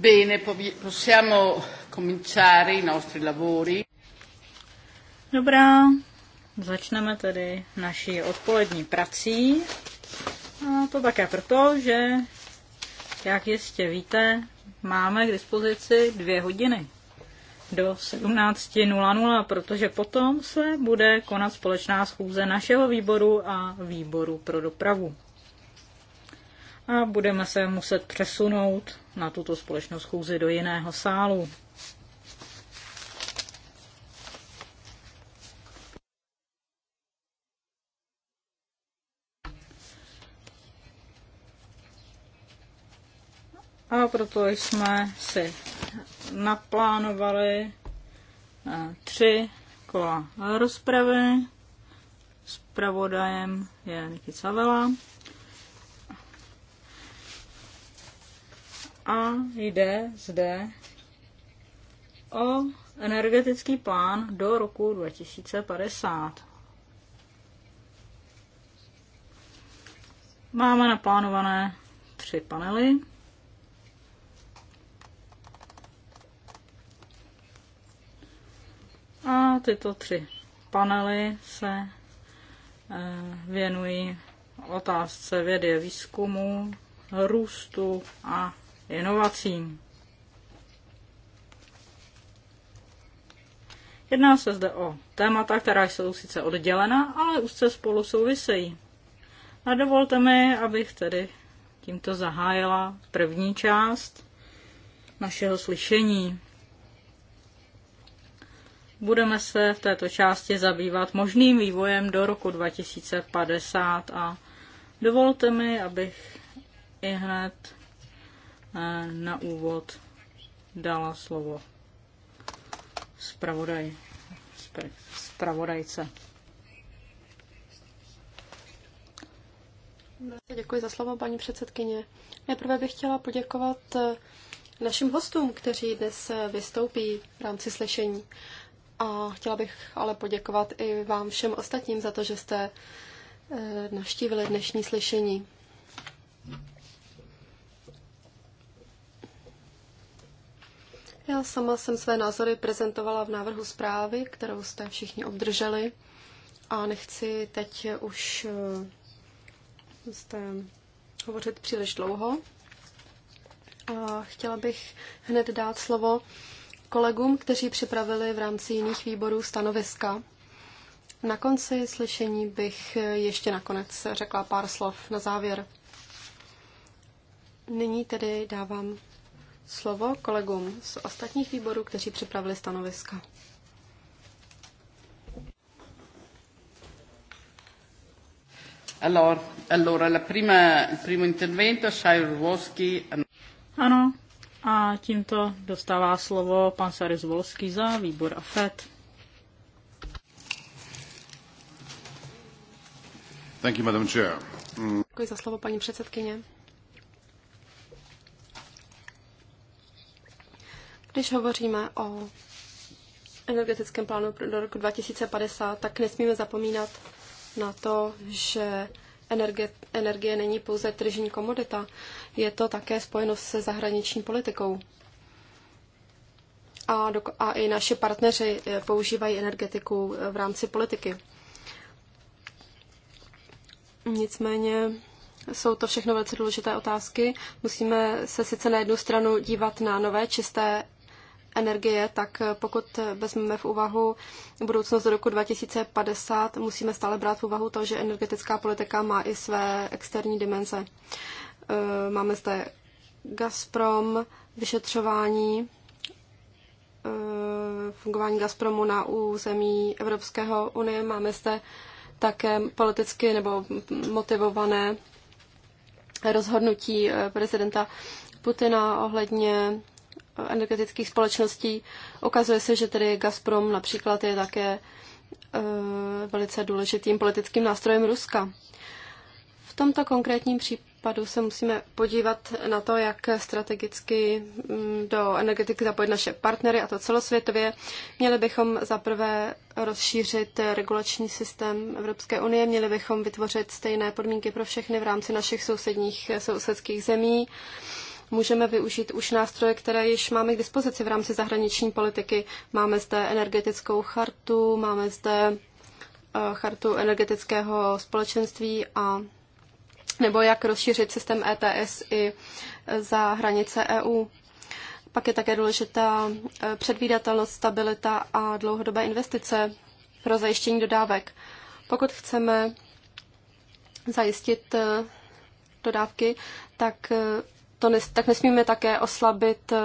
Bene, possiamo cominciare i nostri lavori. Dobrá, začneme tedy naši odpolední prací. A to také proto, že, jak jistě víte, máme k dispozici dvě hodiny do 17.00, protože potom se bude konat společná schůze našeho výboru a výboru pro dopravu a budeme se muset přesunout na tuto společnou schůzi do jiného sálu. A proto jsme si naplánovali eh, tři kola rozpravy. pravodajem je Nikita Vela. A jde zde o energetický plán do roku 2050. Máme naplánované tři panely. A tyto tři panely se eh, věnují otázce vědy a výzkumu, růstu a Inovacím. Jedná se zde o témata, která jsou sice oddělena, ale úzce spolu souvisejí. A dovolte mi, abych tedy tímto zahájila první část našeho slyšení. Budeme se v této části zabývat možným vývojem do roku 2050 a dovolte mi, abych i hned na úvod dala slovo zpravodaj, zpravodajce. Děkuji za slovo, paní předsedkyně. Nejprve bych chtěla poděkovat eh, našim hostům, kteří dnes eh, vystoupí v rámci slyšení. A chtěla bych ale poděkovat i vám všem ostatním za to, že jste eh, navštívili dnešní slyšení. Já sama jsem své názory prezentovala v návrhu zprávy, kterou jste všichni obdrželi a nechci teď už jste eh, hovořit příliš dlouho. A chtěla bych hned dát slovo kolegům, kteří připravili v rámci jiných výborů stanoviska. Na konci slyšení bych ještě nakonec řekla pár slov na závěr. Nyní tedy dávám slovo kolegům z ostatních výborů, kteří připravili stanoviska. Allora, allora la prima, il primo intervento, Sajurvosky. Ano, a tímto dostává slovo pan Sarez Volský za výbor AFET. Thank you, Madam Chair. Děkuji za slovo, paní předsedkyně. Když hovoříme o energetickém plánu do roku 2050, tak nesmíme zapomínat na to, že energie, energie není pouze tržní komodita, je to také spojeno se zahraniční politikou. A, do, a i naši partneři eh, používají energetiku eh, v rámci politiky. Nicméně jsou to všechno velice důležité otázky. Musíme se sice na jednu stranu dívat na nové čisté energie, tak pokud vezmeme v úvahu budoucnost do roku 2050, musíme stále brát v úvahu to, že energetická politika má i své externí dimenze. Eh, máme zde Gazprom, vyšetřování eh, fungování Gazpromu na území Evropského unie. Máme zde také politicky nebo motivované rozhodnutí eh, prezidenta Putina ohledně energetických společností. Ukazuje se, že tedy Gazprom například je také e, velice důležitým politickým nástrojem Ruska. V tomto konkrétním případu se musíme podívat na to, jak strategicky mm, do energetiky zapojit naše partnery a to celosvětově. Měli bychom zaprvé rozšířit regulační systém Evropské unie, měli bychom vytvořit stejné podmínky pro všechny v rámci našich sousedních sousedských zemí můžeme využít už nástroje, které již máme k dispozici v rámci zahraniční politiky. Máme zde energetickou chartu, máme zde eh, chartu energetického společenství a nebo jak rozšířit systém ETS i eh, za hranice EU. Pak je také důležitá eh, předvídatelnost, stabilita a dlouhodobé investice pro zajištění dodávek. Pokud chceme zajistit dodávky, tak to ne, tak nesmíme také oslabit eh,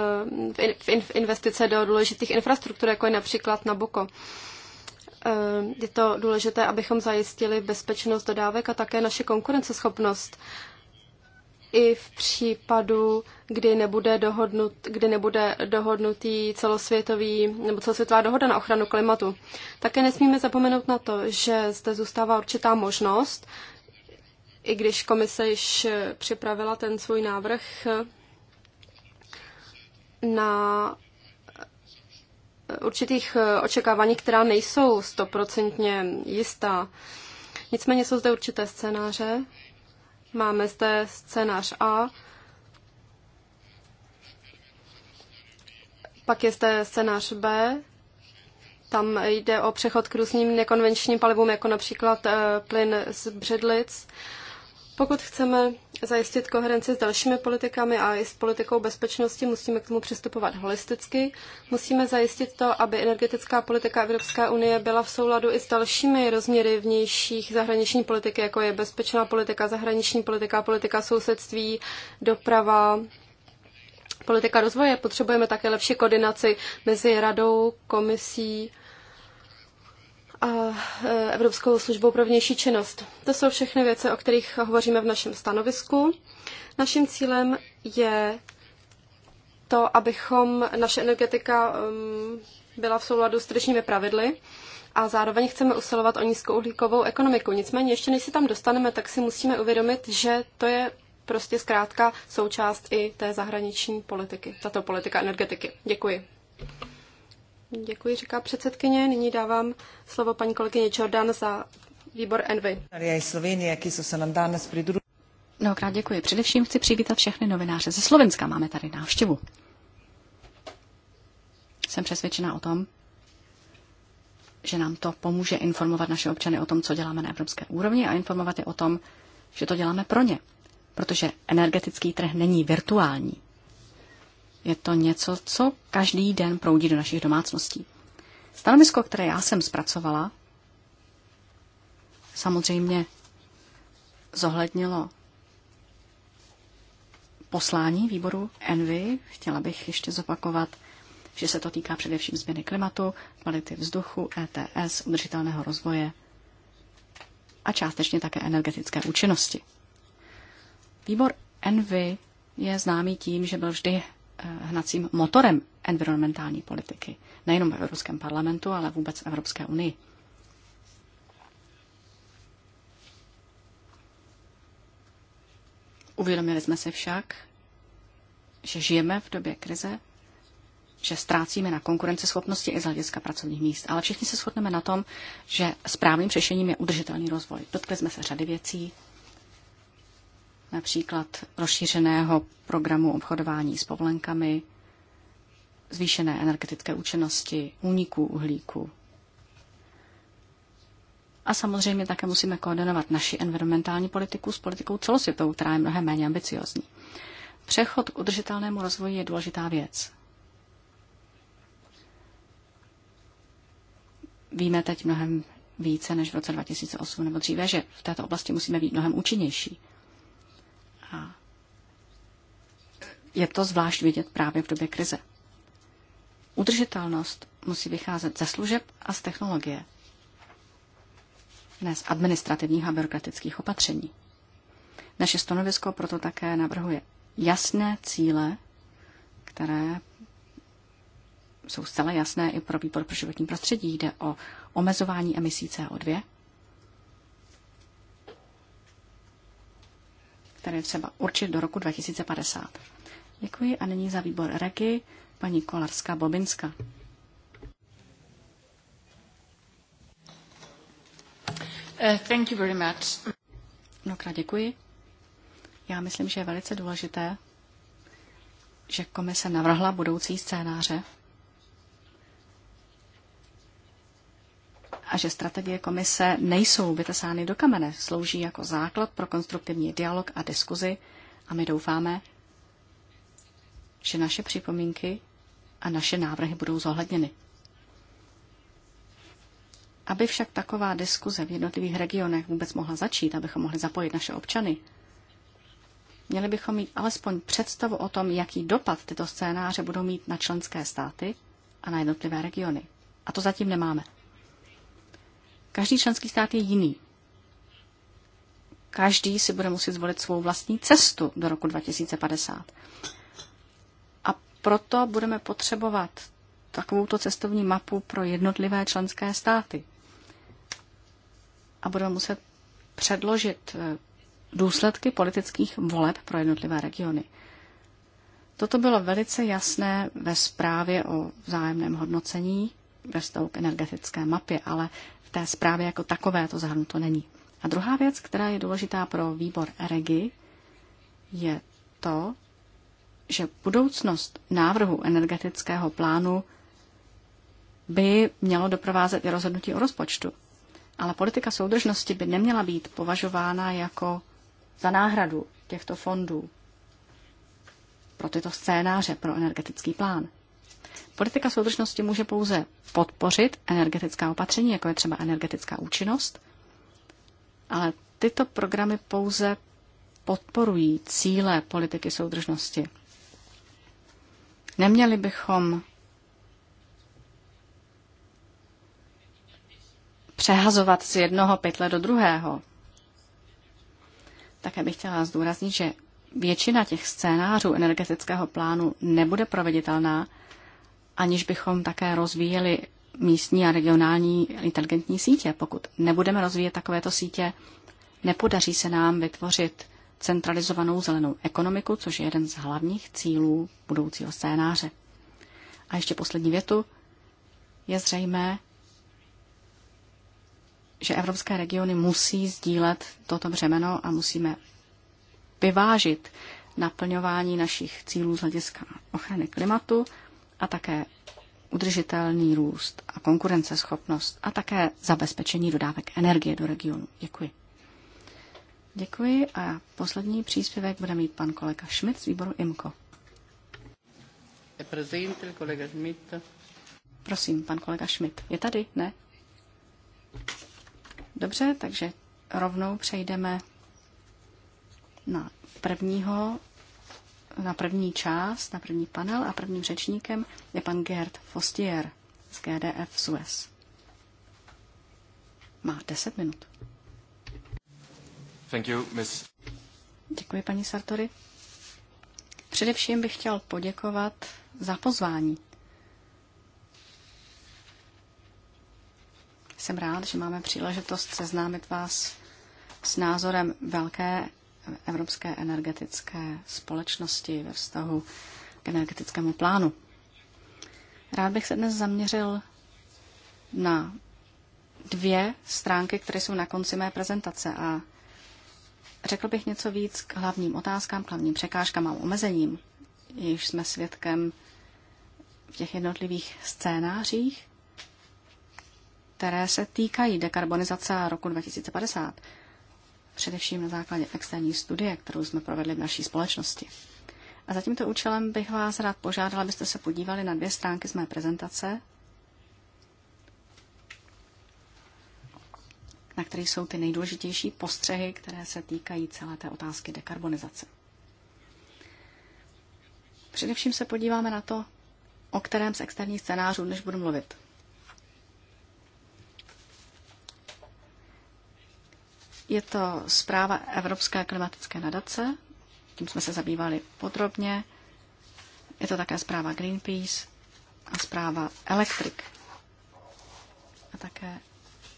v, in, v investice do důležitých infrastruktur, jako je například Nabuko. Eh, je to důležité, abychom zajistili bezpečnost dodávek a také naše konkurenceschopnost. I v případu, kdy nebude, dohodnut, kdy nebude dohodnutý celosvětový nebo celosvětová dohoda na ochranu klimatu. Také nesmíme zapomenout na to, že zde zůstává určitá možnost, i když komise již připravila ten svůj návrh na určitých očekávání, která nejsou stoprocentně jistá. Nicméně jsou zde určité scénáře. Máme zde scénář A, pak je zde scénář B, tam jde o přechod k různým nekonvenčním palivům, jako například eh, plyn z břidlic. Pokud chceme zajistit koherenci s dalšími politikami a i s politikou bezpečnosti, musíme k tomu přistupovat holisticky. Musíme zajistit to, aby energetická politika Evropské unie byla v souladu i s dalšími rozměry vnějších zahraniční politiky, jako je bezpečná politika, zahraniční politika, politika sousedství, doprava, politika rozvoje. Potřebujeme také lepší koordinaci mezi radou, komisí, a e, Evropskou službou pro vnější činnost. To jsou všechny věci, o kterých hovoříme v našem stanovisku. Naším cílem je to, abychom naše energetika um, byla v souladu s tržními pravidly a zároveň chceme usilovat o nízkouhlíkovou ekonomiku. Nicméně ještě než se tam dostaneme, tak si musíme uvědomit, že to je prostě zkrátka součást i té zahraniční politiky, tato politika energetiky. Děkuji. Děkuji, říká předsedkyně. Nyní dávám slovo paní kolegyně Jordan za výbor Envy. Slovenie, ki se nám danes pridružili. Mnohokrát děkuji. Především chci přivítat všechny novináře ze Slovenska. Máme tady návštěvu. Jsem přesvědčena o tom, že nám to pomůže informovat naše občany o tom, co děláme na evropské úrovni a informovat je o tom, že to děláme pro ně. Protože energetický trh není virtuální. Je to něco, co každý den proudí do našich domácností. Stanovisko, které já jsem zpracovala, samozřejmě zohlednilo poslání výboru Envy. Chtěla bych ještě zopakovat, že se to týká především změny klimatu, kvality vzduchu, ETS, udržitelného rozvoje a částečně také energetické účinnosti. Výbor Envy je známý tím, že byl vždy Eh, hnacím motorem environmentální politiky. Nejenom v Evropském parlamentu, ale vůbec v Evropské unii. Uvědomili jsme si však, že žijeme v době krize, že ztrácíme na konkurenceschopnosti i z hlediska pracovních míst. Ale všichni se shodneme na tom, že správným řešením je udržitelný rozvoj. Dotkli jsme se řady věcí, například rozšířeného programu obchodování s povolenkami, zvýšené energetické účinnosti, úniků uhlíku. A samozřejmě také musíme koordinovat naši environmentální politiku s politikou celosvětovou, která je mnohem méně ambiciozní. Přechod k udržitelnému rozvoji je důležitá věc. Víme teď mnohem více než v roce 2008 nebo dříve, že v této oblasti musíme být mnohem účinnější. je to zvlášť vidět právě v době krize. Udržitelnost musí vycházet ze služeb a z technologie, ne z administrativních a byrokratických opatření. Naše stanovisko proto také navrhuje jasné cíle, které jsou zcela jasné i pro výbor pro životní prostředí. Jde o omezování emisí CO2, které třeba určit do roku 2050. Děkuji a nyní za výbor Reky paní Kolarská Bobinska. Uh, thank you very much. Mnohokrát děkuji. Já myslím, že je velice důležité, že komise navrhla budoucí scénáře a že strategie komise nejsou vytesány do kamene, slouží jako základ pro konstruktivní dialog a diskuzi a my doufáme, že naše připomínky a naše návrhy budou zohledněny. Aby však taková diskuze v jednotlivých regionech vůbec mohla začít, abychom mohli zapojit naše občany, měli bychom mít alespoň představu o tom, jaký dopad tyto scénáře budou mít na členské státy a na jednotlivé regiony. A to zatím nemáme. Každý členský stát je jiný. Každý si bude muset zvolit svou vlastní cestu do roku 2050 proto budeme potřebovat takovouto cestovní mapu pro jednotlivé členské státy. A budeme muset předložit eh, důsledky politických voleb pro jednotlivé regiony. Toto bylo velice jasné ve zprávě o vzájemném hodnocení ve vztahu k energetické mapě, ale v té zprávě jako takové to zahrnuto není. A druhá věc, která je důležitá pro výbor EREGI, je to, že budoucnost návrhu energetického plánu by mělo doprovázet i rozhodnutí o rozpočtu. Ale politika soudržnosti by neměla být považována jako za náhradu těchto fondů pro tyto scénáře pro energetický plán. Politika soudržnosti může pouze podpořit energetická opatření, jako je třeba energetická účinnost, ale tyto programy pouze podporují cíle politiky soudržnosti. Neměli bychom přehazovat z jednoho pytle do druhého. Také bych chtěla zdůraznit, že většina těch scénářů energetického plánu nebude proveditelná, aniž bychom také rozvíjeli místní a regionální inteligentní sítě. Pokud nebudeme rozvíjet takovéto sítě, nepodaří se nám vytvořit centralizovanou zelenou ekonomiku, což je jeden z hlavních cílů budoucího scénáře. A ještě poslední větu. Je zřejmé, že evropské regiony musí sdílet toto břemeno a musíme vyvážit naplňování našich cílů z hlediska ochrany klimatu a také udržitelný růst a konkurenceschopnost a také zabezpečení dodávek energie do regionu. Děkuji. Děkuji a poslední příspěvek bude mít pan kolega Schmidt z výboru IMKO. Prosím, pan kolega Schmidt. Je tady? Ne? Dobře, takže rovnou přejdeme na prvního, na první část, na první panel a prvním řečníkem je pan Gerd Fostier z GDF Suez. Má 10 minut. Thank you, Děkuji, paní Sartory. Především bych chtěl poděkovat za pozvání. Jsem rád, že máme příležitost seznámit vás s názorem velké evropské energetické společnosti ve vztahu k energetickému plánu. Rád bych se dnes zaměřil na dvě stránky, které jsou na konci mé prezentace a Řekl bych něco víc k hlavním otázkám, k hlavním překážkám a omezením, jež jsme svědkem v těch jednotlivých scénářích, které se týkají dekarbonizace roku 2050, především na základě externí studie, kterou jsme provedli v naší společnosti. A za tímto účelem bych vás rád požádala, abyste se podívali na dvě stránky z mé prezentace, na kterých jsou ty nejdůležitější postřehy, které se týkají celé té otázky dekarbonizace. Především se podíváme na to, o kterém z externích scénářů než budu mluvit. Je to zpráva Evropské klimatické nadace, tím jsme se zabývali podrobně. Je to také zpráva Greenpeace a zpráva Electric. A také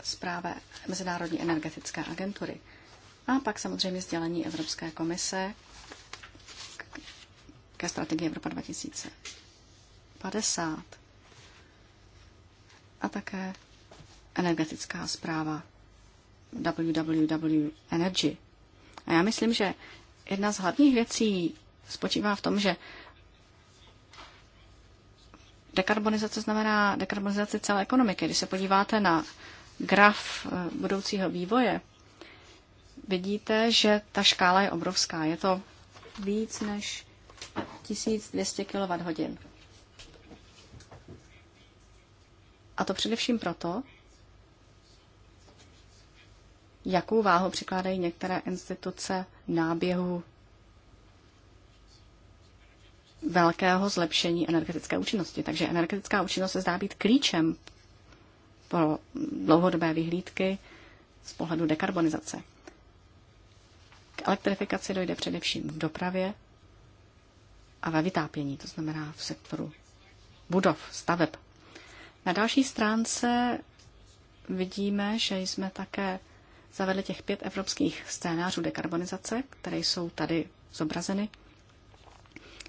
zpráva Mezinárodní energetické agentury. A pak samozřejmě sdělení Evropské komise ke strategii Evropa 2050. A také energetická zpráva www energy. A já myslím, že jedna z hlavních věcí spočívá v tom, že dekarbonizace znamená dekarbonizaci celé ekonomiky. Když se podíváte na graf eh, budoucího vývoje, vidíte, že ta škála je obrovská. Je to víc než 1200 kWh. A to především proto, jakou váhu přikládají některé instituce náběhu velkého zlepšení energetické účinnosti. Takže energetická účinnost se zdá být klíčem pro dlouhodobé vyhlídky z pohledu dekarbonizace. K elektrifikaci dojde především v dopravě a ve vytápění, to znamená v sektoru budov, staveb. Na další stránce vidíme, že jsme také zavedli těch pět evropských scénářů dekarbonizace, které jsou tady zobrazeny.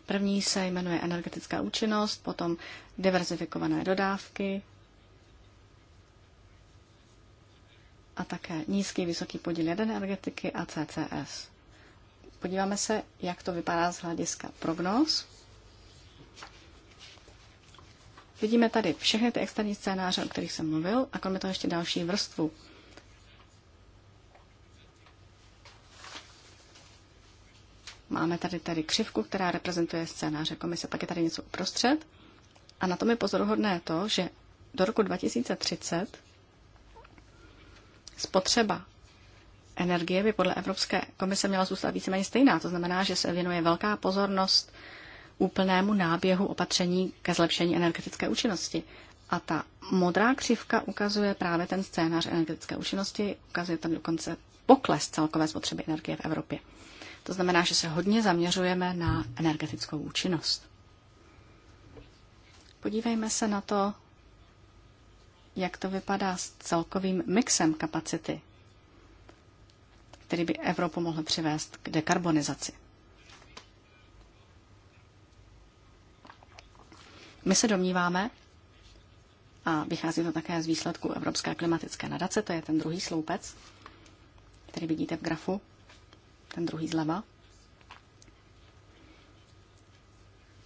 První se jmenuje energetická účinnost, potom diverzifikované dodávky, a také nízký, vysoký podíl jaderné energetiky a CCS. Podíváme se, jak to vypadá z hlediska prognóz. Vidíme tady všechny ty externí scénáře, o kterých jsem mluvil, a kromě toho ještě další vrstvu. Máme tady tady křivku, která reprezentuje scénáře komise, pak je tady něco uprostřed. A na tom je pozoruhodné to, že do roku 2030 Spotřeba energie by podle Evropské komise měla zůstat víceméně stejná. To znamená, že se věnuje velká pozornost úplnému náběhu opatření ke zlepšení energetické účinnosti. A ta modrá křivka ukazuje právě ten scénář energetické účinnosti, ukazuje tam dokonce pokles celkové spotřeby energie v Evropě. To znamená, že se hodně zaměřujeme na energetickou účinnost. Podívejme se na to jak to vypadá s celkovým mixem kapacity, který by Evropu mohl přivést k dekarbonizaci. My se domníváme, a vychází to také z výsledku Evropské klimatické nadace, to je ten druhý sloupec, který vidíte v grafu, ten druhý zleva.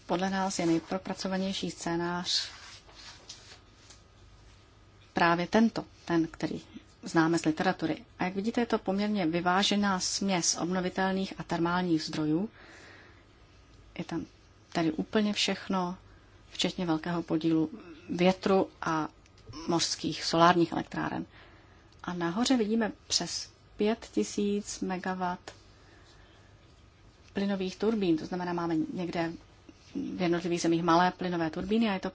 Podle nás je nejpropracovanější scénář právě tento, ten, který známe z literatury. A jak vidíte, je to poměrně vyvážená směs obnovitelných a termálních zdrojů. Je tam tady úplně všechno, včetně velkého podílu větru a mořských solárních elektráren. A nahoře vidíme přes 5000 MW plynových turbín. To znamená, máme někde v jednotlivých zemích malé plynové turbíny a je to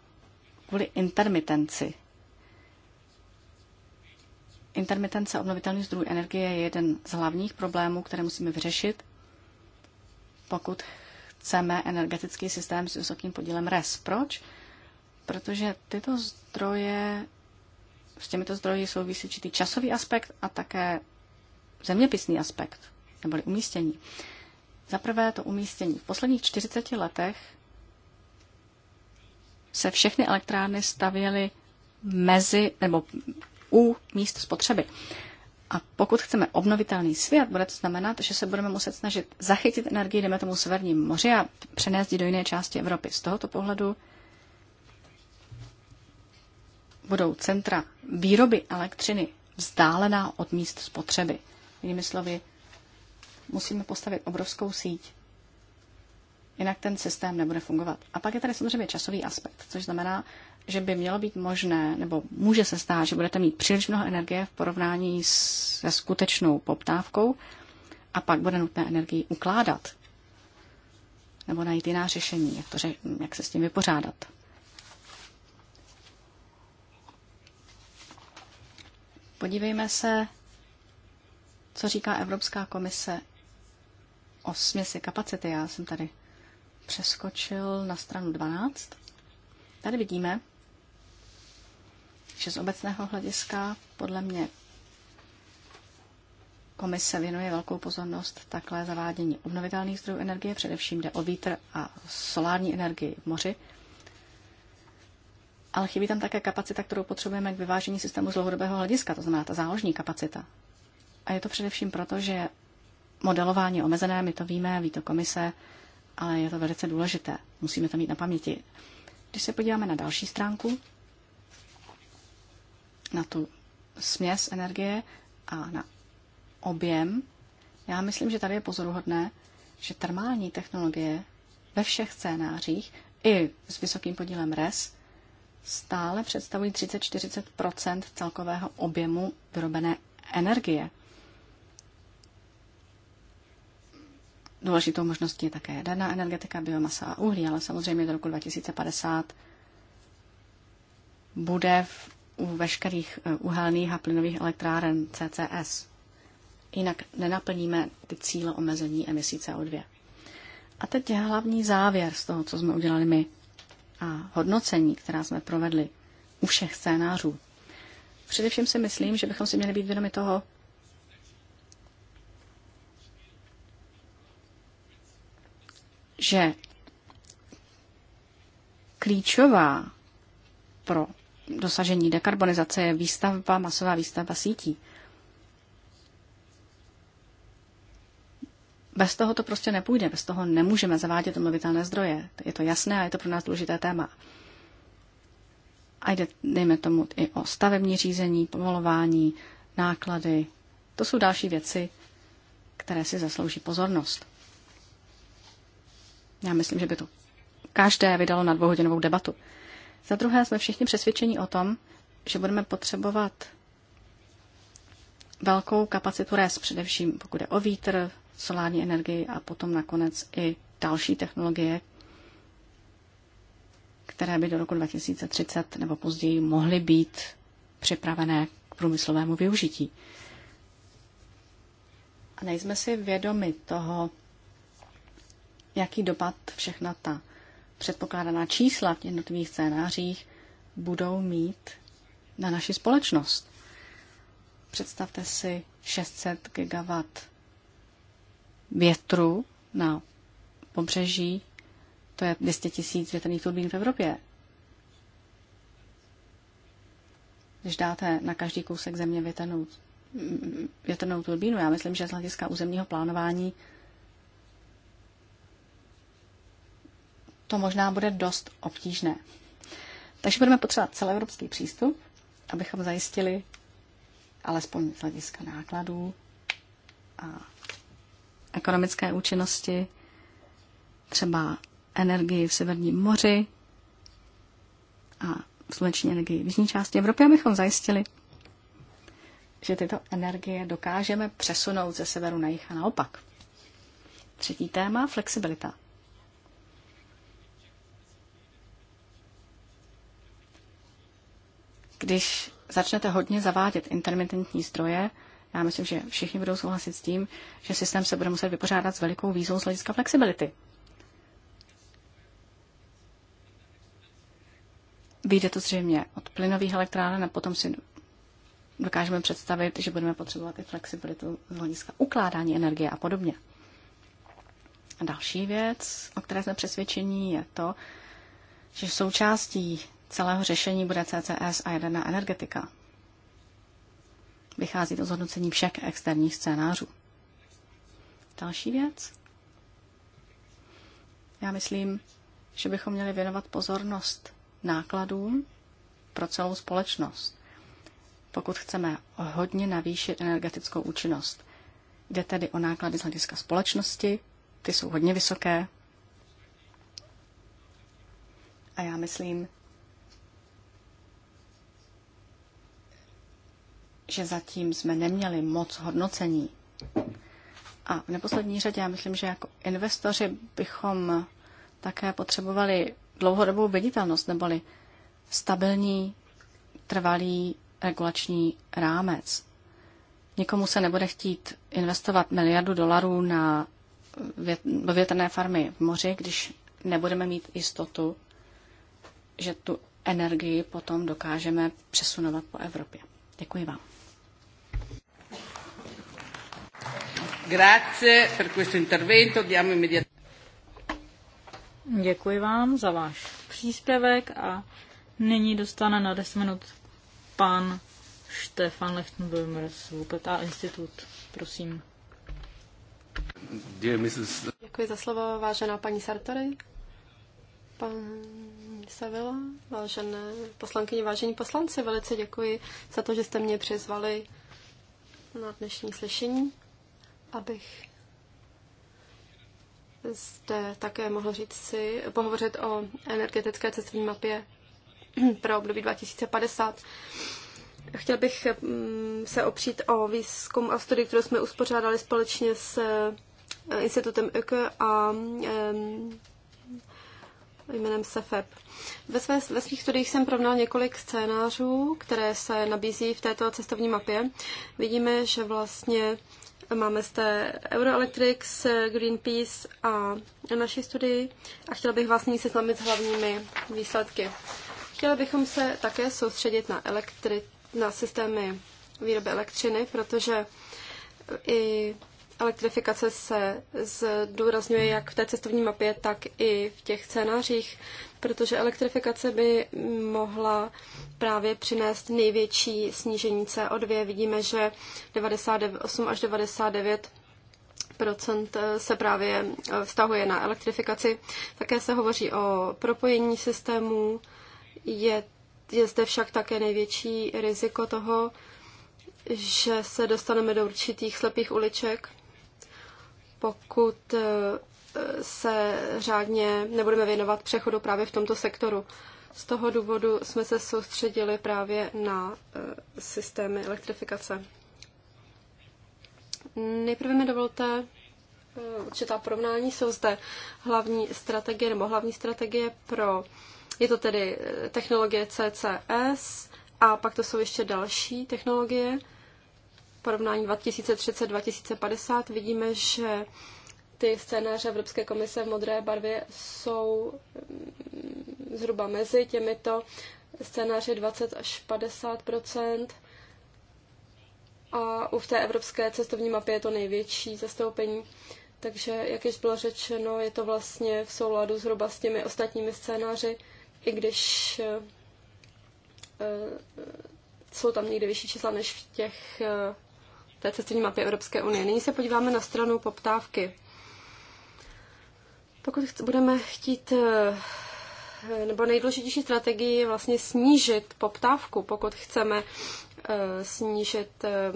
kvůli intermitenci Intermitence obnovitelných zdrojů energie je jeden z hlavních problémů, které musíme vyřešit, pokud chceme energetický systém s vysokým podílem RES. Proč? Protože tyto zdroje, s těmito zdroji souvisí určitý časový aspekt a také zeměpisný aspekt, neboli umístění. Za prvé to umístění. V posledních 40 letech se všechny elektrárny stavěly mezi, nebo u míst spotřeby. A pokud chceme obnovitelný svět, bude to znamenat, že se budeme muset snažit zachytit energii, jdeme tomu severním moři a přenést ji do jiné části Evropy. Z tohoto pohledu budou centra výroby elektřiny vzdálená od míst spotřeby. Jinými slovy, musíme postavit obrovskou síť. Jinak ten systém nebude fungovat. A pak je tady samozřejmě časový aspekt, což znamená, že by mělo být možné, nebo může se stát, že budete mít příliš mnoho energie v porovnání se skutečnou poptávkou a pak bude nutné energii ukládat nebo najít jiná řešení, jak, to, jak se s tím vypořádat. Podívejme se, co říká Evropská komise o směsi kapacity. Já jsem tady přeskočil na stranu 12. Tady vidíme, takže z obecného hlediska podle mě komise věnuje velkou pozornost takhle zavádění obnovitelných zdrojů energie, především jde o vítr a solární energii v moři. Ale chybí tam také kapacita, kterou potřebujeme k vyvážení systému z dlouhodobého hlediska, to znamená ta záložní kapacita. A je to především proto, že modelování je omezené, my to víme, ví to komise, ale je to velice důležité. Musíme to mít na paměti. Když se podíváme na další stránku, na tu směs energie a na objem, já myslím, že tady je pozoruhodné, že termální technologie ve všech scénářích i s vysokým podílem RES stále představují 30-40 celkového objemu vyrobené energie. Důležitou možností je také jaderná energetika, biomasa a uhlí, ale samozřejmě do roku 2050 bude v u veškerých eh, uhelných a plynových elektráren CCS. Jinak nenaplníme ty cíle omezení emisí CO2. A teď je hlavní závěr z toho, co jsme udělali my a hodnocení, která jsme provedli u všech scénářů. Především si myslím, že bychom si měli být vědomi toho, že klíčová pro dosažení dekarbonizace je výstavba, masová výstavba sítí. Bez toho to prostě nepůjde, bez toho nemůžeme zavádět obnovitelné zdroje. Je to jasné a je to pro nás důležité téma. A jde, dejme tomu, i o stavební řízení, povolování, náklady. To jsou další věci, které si zaslouží pozornost. Já myslím, že by to každé vydalo na dvouhodinovou debatu. Za druhé jsme všichni přesvědčeni o tom, že budeme potřebovat velkou kapacitu RES, především pokud je o vítr, solární energii a potom nakonec i další technologie, které by do roku 2030 nebo později mohly být připravené k průmyslovému využití. A nejsme si vědomi toho, jaký dopad všechna ta předpokládaná čísla v jednotlivých scénářích budou mít na naši společnost. Představte si 600 GW větru na pobřeží, to je 200 tisíc větrných turbín v Evropě. Když dáte na každý kousek země větrnou, větrnou turbínu, já myslím, že z hlediska územního plánování to možná bude dost obtížné. Takže budeme potřebovat celoevropský přístup, abychom zajistili alespoň z hlediska nákladů a ekonomické účinnosti, třeba energii v Severním moři a sluneční energii v jižní části Evropy, abychom zajistili, že tyto energie dokážeme přesunout ze severu na jih a naopak. Třetí téma, flexibilita. když začnete hodně zavádět intermitentní zdroje, já myslím, že všichni budou souhlasit s tím, že systém se bude muset vypořádat s velikou výzvou z hlediska flexibility. Vyjde to zřejmě od plynových elektráren a potom si dokážeme představit, že budeme potřebovat i flexibilitu z hlediska ukládání energie a podobně. A další věc, o které jsme přesvědčení, je to, že součástí celého řešení bude CCS a jaderná energetika. Vychází to z hodnocení všech externích scénářů. Další věc. Já myslím, že bychom měli věnovat pozornost nákladům pro celou společnost, pokud chceme hodně navýšit energetickou účinnost. Jde tedy o náklady z hlediska společnosti, ty jsou hodně vysoké. A já myslím, že zatím jsme neměli moc hodnocení. A v neposlední řadě já myslím, že jako investoři bychom také potřebovali dlouhodobou viditelnost neboli stabilní, trvalý regulační rámec. Nikomu se nebude chtít investovat miliardu dolarů na vět, větrné farmy v moři, když nebudeme mít jistotu, že tu energii potom dokážeme přesunovat po Evropě. Děkuji vám. Děkuji vám za váš příspěvek a nyní dostane na 10 minut pan Štefan Lechtenböhmer z a Institut. Prosím. Děkuji za slovo, vážená paní Sartory, pan Savila, vážené poslankyně, vážení poslanci, velice děkuji za to, že jste mě přizvali na dnešní slyšení abych zde také mohl říct si, pohovořit o energetické cestovní mapě pro období 2050. Chtěl bych mm, se opřít o výzkum a studii, kterou jsme uspořádali společně s eh, Institutem ÖKE a jménem SEFEP. Ve, své, ve svých studiích jsem provnal několik scénářů, které se nabízí v této cestovní mapě. Vidíme, že vlastně Máme zde Euroelectrics, Greenpeace a naši studii a chtěla bych vás nyní seznámit s hlavními výsledky. Chtěli bychom se také soustředit na, elektri- na systémy výroby elektřiny, protože i elektrifikace se zdůrazňuje jak v té cestovní mapě, tak i v těch scénářích, protože elektrifikace by mohla právě přinést největší snížení CO2. Vidíme, že 98 až 99 se právě eh, vztahuje na elektrifikaci. Také se hovoří o propojení systémů. Je, je zde však také největší riziko toho, že se dostaneme do určitých slepých uliček, pokud eh, se řádně nebudeme věnovat přechodu právě v tomto sektoru. Z toho důvodu jsme se soustředili právě na eh, systémy elektrifikace. Nejprve mi dovolte eh, určitá porovnání. Jsou zde hlavní strategie nebo hlavní strategie pro, je to tedy technologie CCS a pak to jsou ještě další technologie porovnání 2030-2050 vidíme, že ty scénáře Evropské komise v modré barvě jsou mm, zhruba mezi těmito scénáři 20 až 50 a v té evropské cestovní mapě je to největší zastoupení. Takže, jak již bylo řečeno, je to vlastně v souladu zhruba s těmi ostatními scénáři, i když eh, eh, jsou tam někdy vyšší čísla než v těch eh, té cestovní mapy Evropské unie. Nyní se podíváme na stranu poptávky. Pokud budeme chtít eh, nebo nejdůležitější strategii je vlastně snížit poptávku, pokud chceme eh, snížit, eh,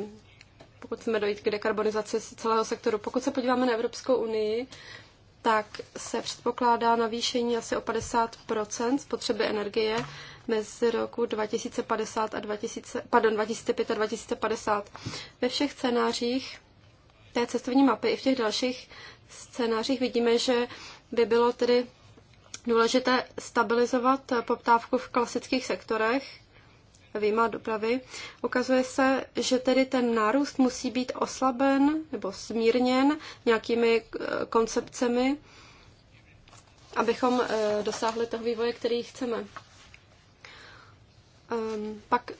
pokud chceme dojít k dekarbonizaci celého sektoru. Pokud se podíváme na Evropskou unii, tak se předpokládá navýšení asi o 50 spotřeby energie mezi roku 2050 a 2000, pardon, 2005 a 2050. Ve všech scénářích té cestovní mapy i v těch dalších scénářích vidíme, že by bylo tedy důležité stabilizovat poptávku v klasických sektorech, výjima dopravy. Ukazuje se, že tedy ten nárůst musí být oslaben nebo smírněn nějakými eh, koncepcemi, abychom eh, dosáhli toho vývoje, který chceme. Ehm, pak eh,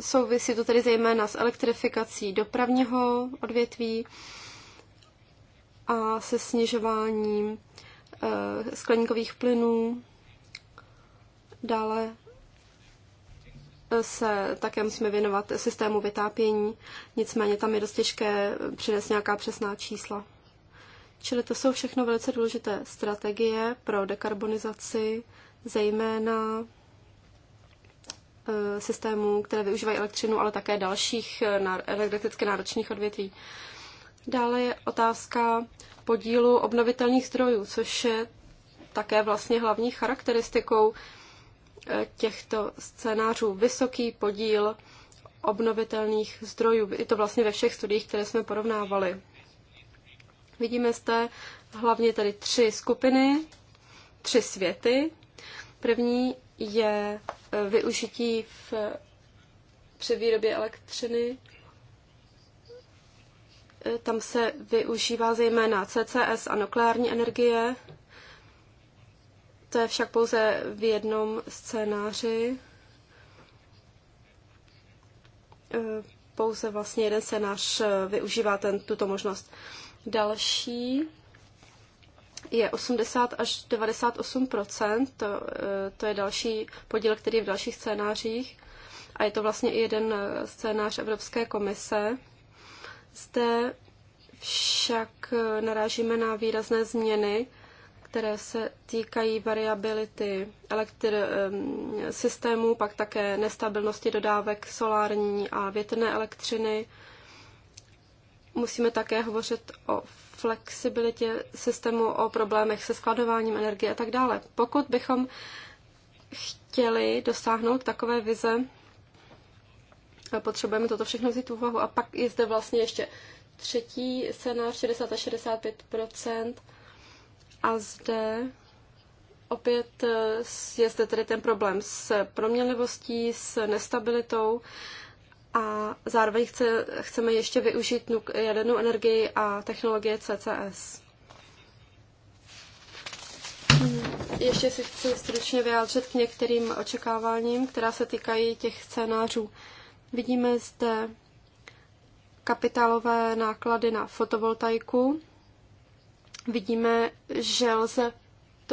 souvisí to tedy zejména s elektrifikací dopravního odvětví a se snižováním eh, skleníkových plynů. Dále eh, se také musíme věnovat systému vytápění, nicméně tam je dost těžké přinést nějaká přesná čísla. Čili to jsou všechno velice důležité strategie pro dekarbonizaci, zejména Eh, systémů, které využívají elektřinu, ale také dalších eh, energeticky náročných odvětví. Dále je otázka podílu obnovitelných zdrojů, což je také vlastně hlavní charakteristikou eh, těchto scénářů. Vysoký podíl obnovitelných zdrojů. Je to vlastně ve všech studiích, které jsme porovnávali. Vidíme zde hlavně tady tři skupiny, tři světy. První je eh, využití v, eh, při výrobě elektřiny. Eh, tam se využívá zejména CCS a nukleární energie. To je však pouze v jednom scénáři. Pouze vlastně jeden scénář využívá ten, tuto možnost. Další je 80 až 98 to, eh, to je další podíl, který je v dalších scénářích. A je to vlastně i jeden eh, scénář Evropské komise. Zde však eh, narážíme na výrazné změny, které se týkají variability elektr- systému, pak také nestabilnosti dodávek solární a větrné elektřiny. Musíme také hovořit o flexibilitě systému, o problémech se skladováním energie a tak dále. Pokud bychom chtěli dosáhnout takové vize, potřebujeme toto všechno vzít v úvahu. A pak je zde vlastně ještě třetí scénář 60 a 65 a zde opět eh, je zde tedy ten problém s proměnlivostí, s nestabilitou a zároveň chce, chceme ještě využít jadernou energii a technologie CCS. Hmm. Ještě si chci stručně vyjádřit k některým očekáváním, která se týkají těch scénářů. Vidíme zde kapitálové náklady na fotovoltaiku. Vidíme, že lze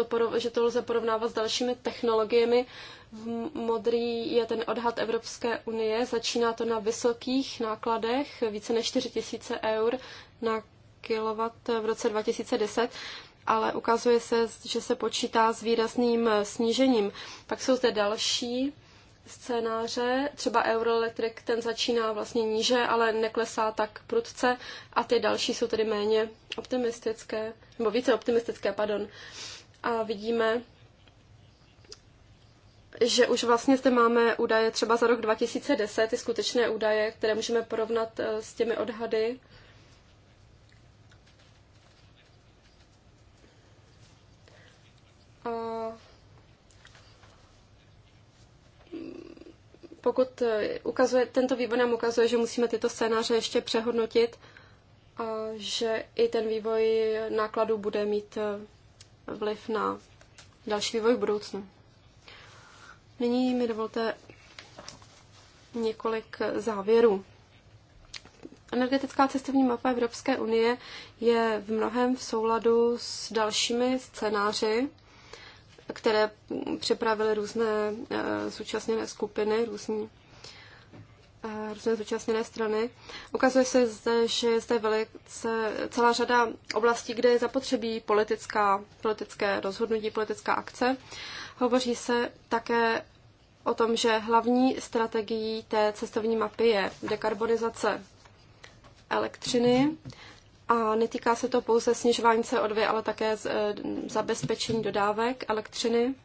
to, že to lze porovnávat s dalšími technologiemi. V modrý je ten odhad Evropské unie, začíná to na vysokých nákladech, více než 4 000 eur na kilowatt v roce 2010 ale ukazuje se, že se počítá s výrazným snížením. Pak jsou zde další scénáře, třeba Euroelectric, ten začíná vlastně níže, ale neklesá tak prudce a ty další jsou tedy méně optimistické, nebo více optimistické, pardon. Uh, a vidíme, že už vlastně zde máme údaje třeba za rok 2010, ty skutečné údaje, které můžeme porovnat eh, s těmi odhady. A pokud eh, ukazuje, tento vývoj nám ukazuje, že musíme tyto scénáře ještě přehodnotit a že i ten vývoj nákladů bude mít eh, vliv na další vývoj v budoucnu. Nyní mi dovolte několik závěrů. Energetická cestovní mapa Evropské unie je v mnohem v souladu s dalšími scénáři, které připravily různé eh, zúčastněné skupiny, různí různé zúčastněné strany. Ukazuje se zde, že je zde velice celá řada oblastí, kde je zapotřebí politická, politické rozhodnutí, politická akce. Hovoří se také o tom, že hlavní strategií té cestovní mapy je dekarbonizace elektřiny a netýká se to pouze snižování CO2, ale také e, zabezpečení dodávek elektřiny.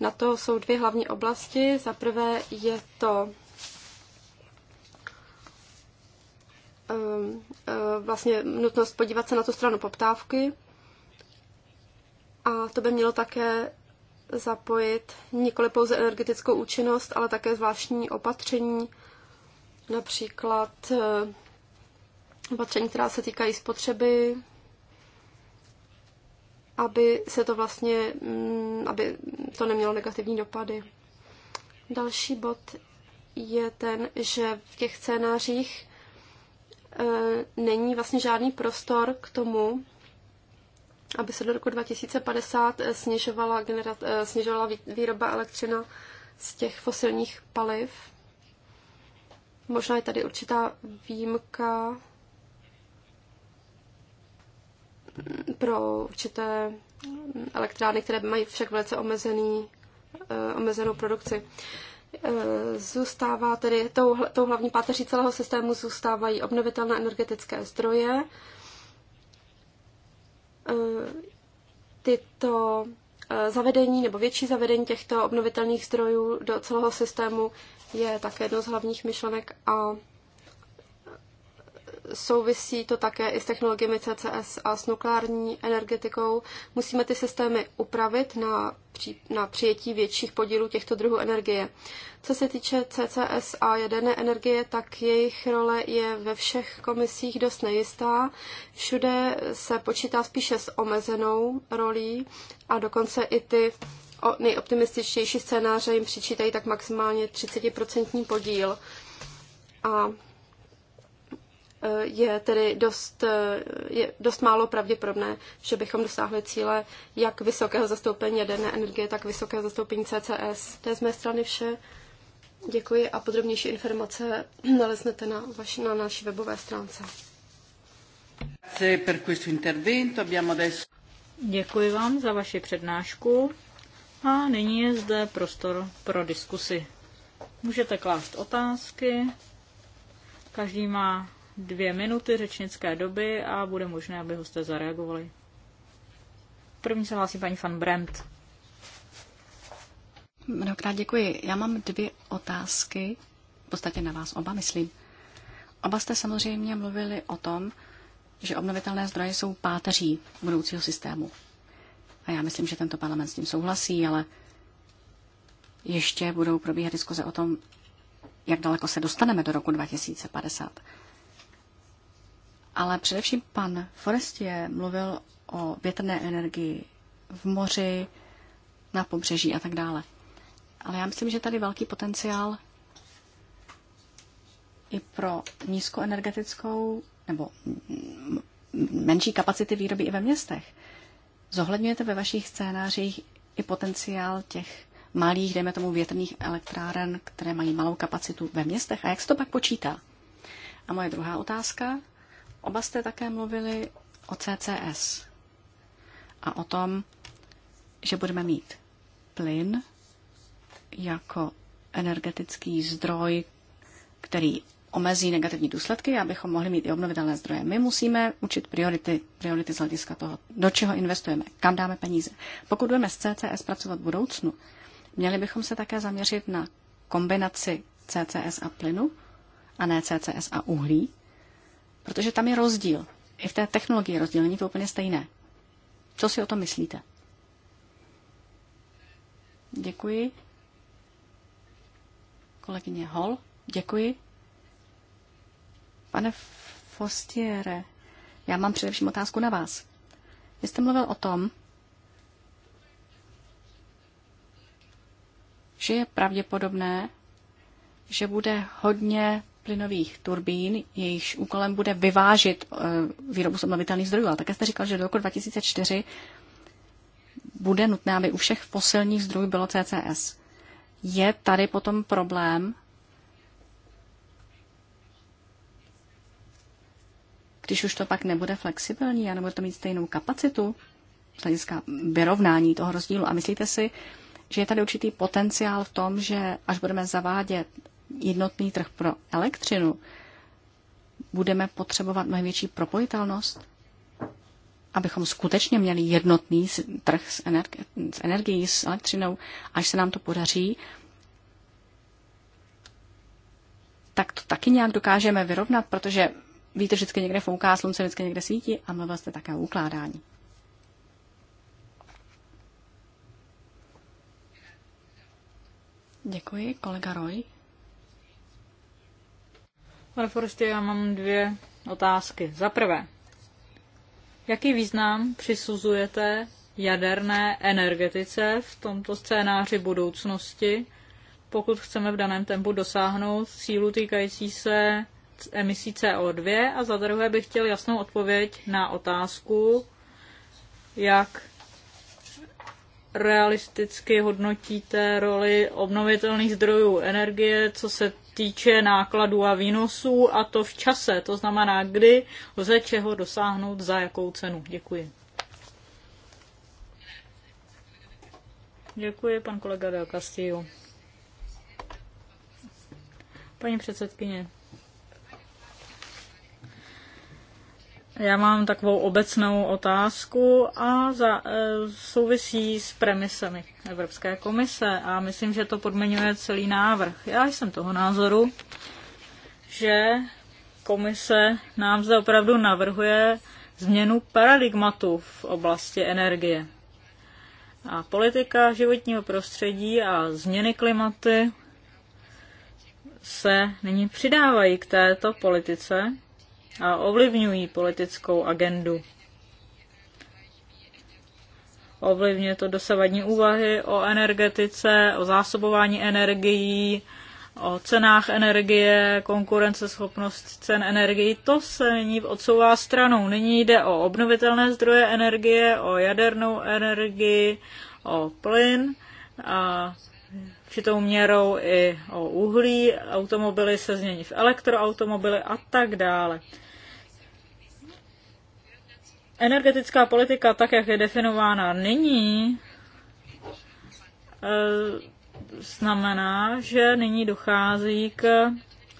Na to jsou dvě hlavní oblasti. Za prvé je to Ehm, eh, vlastně nutnost podívat se na tu stranu poptávky. A to by mělo také zapojit nikoli pouze energetickou účinnost, ale také zvláštní opatření, například eh, opatření, která se týkají spotřeby, aby se to vlastně, mm, aby to nemělo negativní dopady. Další bod je ten, že v těch scénářích Eh, není vlastně žádný prostor k tomu, aby se do roku 2050 eh, snižovala, generat, eh, snižovala výroba elektřina z těch fosilních paliv. Možná je tady určitá výjimka pro určité elektrárny, které mají však velice omezený, omezenou produkci. Eh, zůstává tedy, tou, tou hlavní páteří celého systému zůstávají obnovitelné energetické zdroje. Eh, tyto eh, zavedení nebo větší zavedení těchto obnovitelných zdrojů do celého systému je také jednou z hlavních myšlenek a souvisí to také i s technologiemi CCS a s nukleární energetikou. Musíme ty systémy upravit na, při, na přijetí větších podílů těchto druhů energie. Co se týče CCS a jaderné energie, tak jejich role je ve všech komisích dost nejistá. Všude se počítá spíše s omezenou rolí a dokonce i ty nejoptimističtější scénáře jim přičítají tak maximálně 30% podíl. A je tedy dost, je dost málo pravděpodobné, že bychom dosáhli cíle jak vysokého zastoupení jaderné energie, tak vysokého zastoupení CCS. To je z mé strany vše. Děkuji a podrobnější informace naleznete na, vaš, na naší webové stránce. Děkuji vám za vaši přednášku a nyní je zde prostor pro diskusy. Můžete klást otázky, každý má dvě minuty řečnické doby a bude možné, aby hosté zareagovali. První se hlásí paní van Bremt. Mnohokrát děkuji. Já mám dvě otázky, v podstatě na vás oba, myslím. Oba jste samozřejmě mluvili o tom, že obnovitelné zdroje jsou páteří budoucího systému. A já myslím, že tento parlament s tím souhlasí, ale ještě budou probíhat diskuze o tom, jak daleko se dostaneme do roku 2050. Ale především pan Forestier mluvil o větrné energii v moři, na pobřeží a tak dále. Ale já myslím, že tady velký potenciál i pro nízkoenergetickou nebo menší kapacity výroby i ve městech. Zohledňujete ve vašich scénářích i potenciál těch malých, dejme tomu větrných elektráren, které mají malou kapacitu ve městech a jak se to pak počítá? A moje druhá otázka Oba jste také mluvili o CCS a o tom, že budeme mít plyn jako energetický zdroj, který omezí negativní důsledky, abychom mohli mít i obnovitelné zdroje. My musíme učit priority, priority z hlediska toho, do čeho investujeme, kam dáme peníze. Pokud budeme s CCS pracovat v budoucnu, měli bychom se také zaměřit na kombinaci CCS a plynu a ne CCS a uhlí, Protože tam je rozdíl. I v té technologii je rozdíl, není to úplně stejné. Co si o tom myslíte? Děkuji. Kolegyně Hol, děkuji. Pane Fostiere, já mám především otázku na vás. Vy jste mluvil o tom, že je pravděpodobné, že bude hodně plynových turbín, jejichž úkolem bude vyvážit eh, výrobu z obnovitelných zdrojů. A také jste říkal, že do roku 2004 bude nutné, aby u všech fosilních zdrojů bylo CCS. Je tady potom problém, když už to pak nebude flexibilní a nebude to mít stejnou kapacitu z hlediska vyrovnání toho rozdílu. A myslíte si, že je tady určitý potenciál v tom, že až budeme zavádět jednotný trh pro elektřinu, budeme potřebovat mnohem větší propojitelnost, abychom skutečně měli jednotný trh s, energi- s energií, s elektřinou, až se nám to podaří, tak to taky nějak dokážeme vyrovnat, protože víte, vždycky někde fouká, slunce vždycky někde svítí a mluvil jste také o ukládání. Děkuji, kolega Roy. Pane Forestě, já mám dvě otázky. Za prvé, jaký význam přisuzujete jaderné energetice v tomto scénáři budoucnosti, pokud chceme v daném tempu dosáhnout cílu týkající se emisí CO2? A za druhé bych chtěl jasnou odpověď na otázku, jak realisticky hodnotíte roli obnovitelných zdrojů energie, co se týče nákladů a výnosů, a to v čase, to znamená, kdy lze čeho dosáhnout, za jakou cenu. Děkuji. Děkuji, pan kolega Del Castillo. Paní předsedkyně, Já mám takovou obecnou otázku a za, e, souvisí s premisemi Evropské komise a myslím, že to podmiňuje celý návrh. Já jsem toho názoru, že komise nám zde opravdu navrhuje změnu paradigmatu v oblasti energie. A politika životního prostředí a změny klimaty se nyní přidávají k této politice, a ovlivňují politickou agendu. Ovlivňuje to dosavadní úvahy o energetice, o zásobování energií, o cenách energie, konkurenceschopnost cen energií, to se nyní odsouvá stranou. Nyní jde o obnovitelné zdroje energie, o jadernou energii, o plyn a určitou měrou i o uhlí, automobily se změní v elektroautomobily a tak dále energetická politika, tak jak je definována nyní, eh, znamená, že nyní dochází k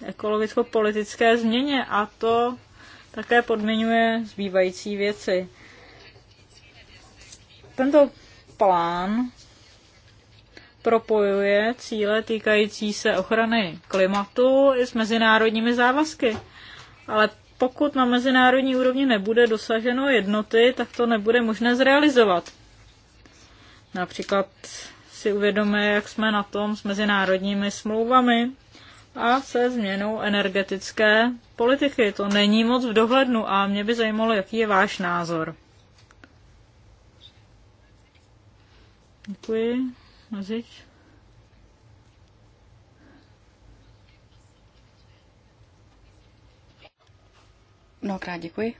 ekologicko-politické změně a to také podmiňuje zbývající věci. Tento plán propojuje cíle týkající se ochrany klimatu i s mezinárodními závazky. Ale pokud na mezinárodní úrovni nebude dosaženo jednoty, tak to nebude možné zrealizovat. Například si uvědomíme, jak jsme na tom s mezinárodními smlouvami a se změnou energetické politiky. To není moc v dohlednu a mě by zajímalo, jaký je váš názor. Děkuji. Mazič. Mnohokrát děkuji.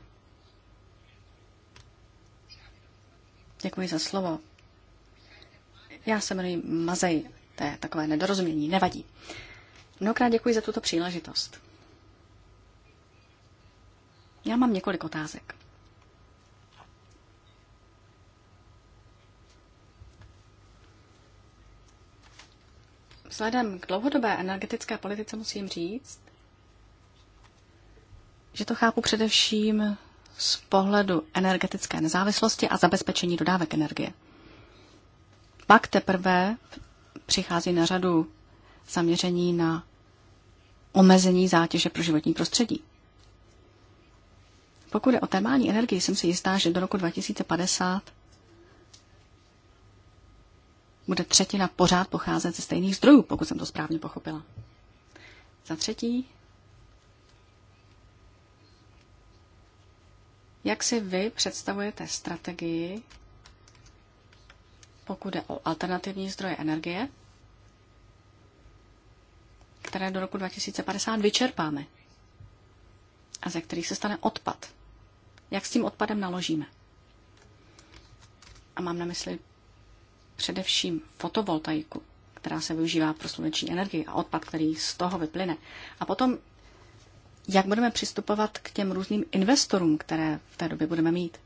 Děkuji za slovo. Já se jmenuji Mazej, to je takové nedorozumění, nevadí. Mnohokrát děkuji za tuto příležitost. Já mám několik otázek. Vzhledem k dlouhodobé energetické politice musím říct, že to chápu především z pohledu energetické nezávislosti a zabezpečení dodávek energie. Pak teprve přichází na řadu zaměření na omezení zátěže pro životní prostředí. Pokud je o termální energii, jsem si jistá, že do roku 2050 bude třetina pořád pocházet ze stejných zdrojů, pokud jsem to správně pochopila. Za třetí, Jak si vy představujete strategii, pokud jde o alternativní zdroje energie, které do roku 2050 vyčerpáme a ze kterých se stane odpad? Jak s tím odpadem naložíme? A mám na mysli především fotovoltaiku, která se využívá pro sluneční energii a odpad, který z toho vyplyne. A potom, jak budeme přistupovat k těm různým investorům, které v té době budeme mít.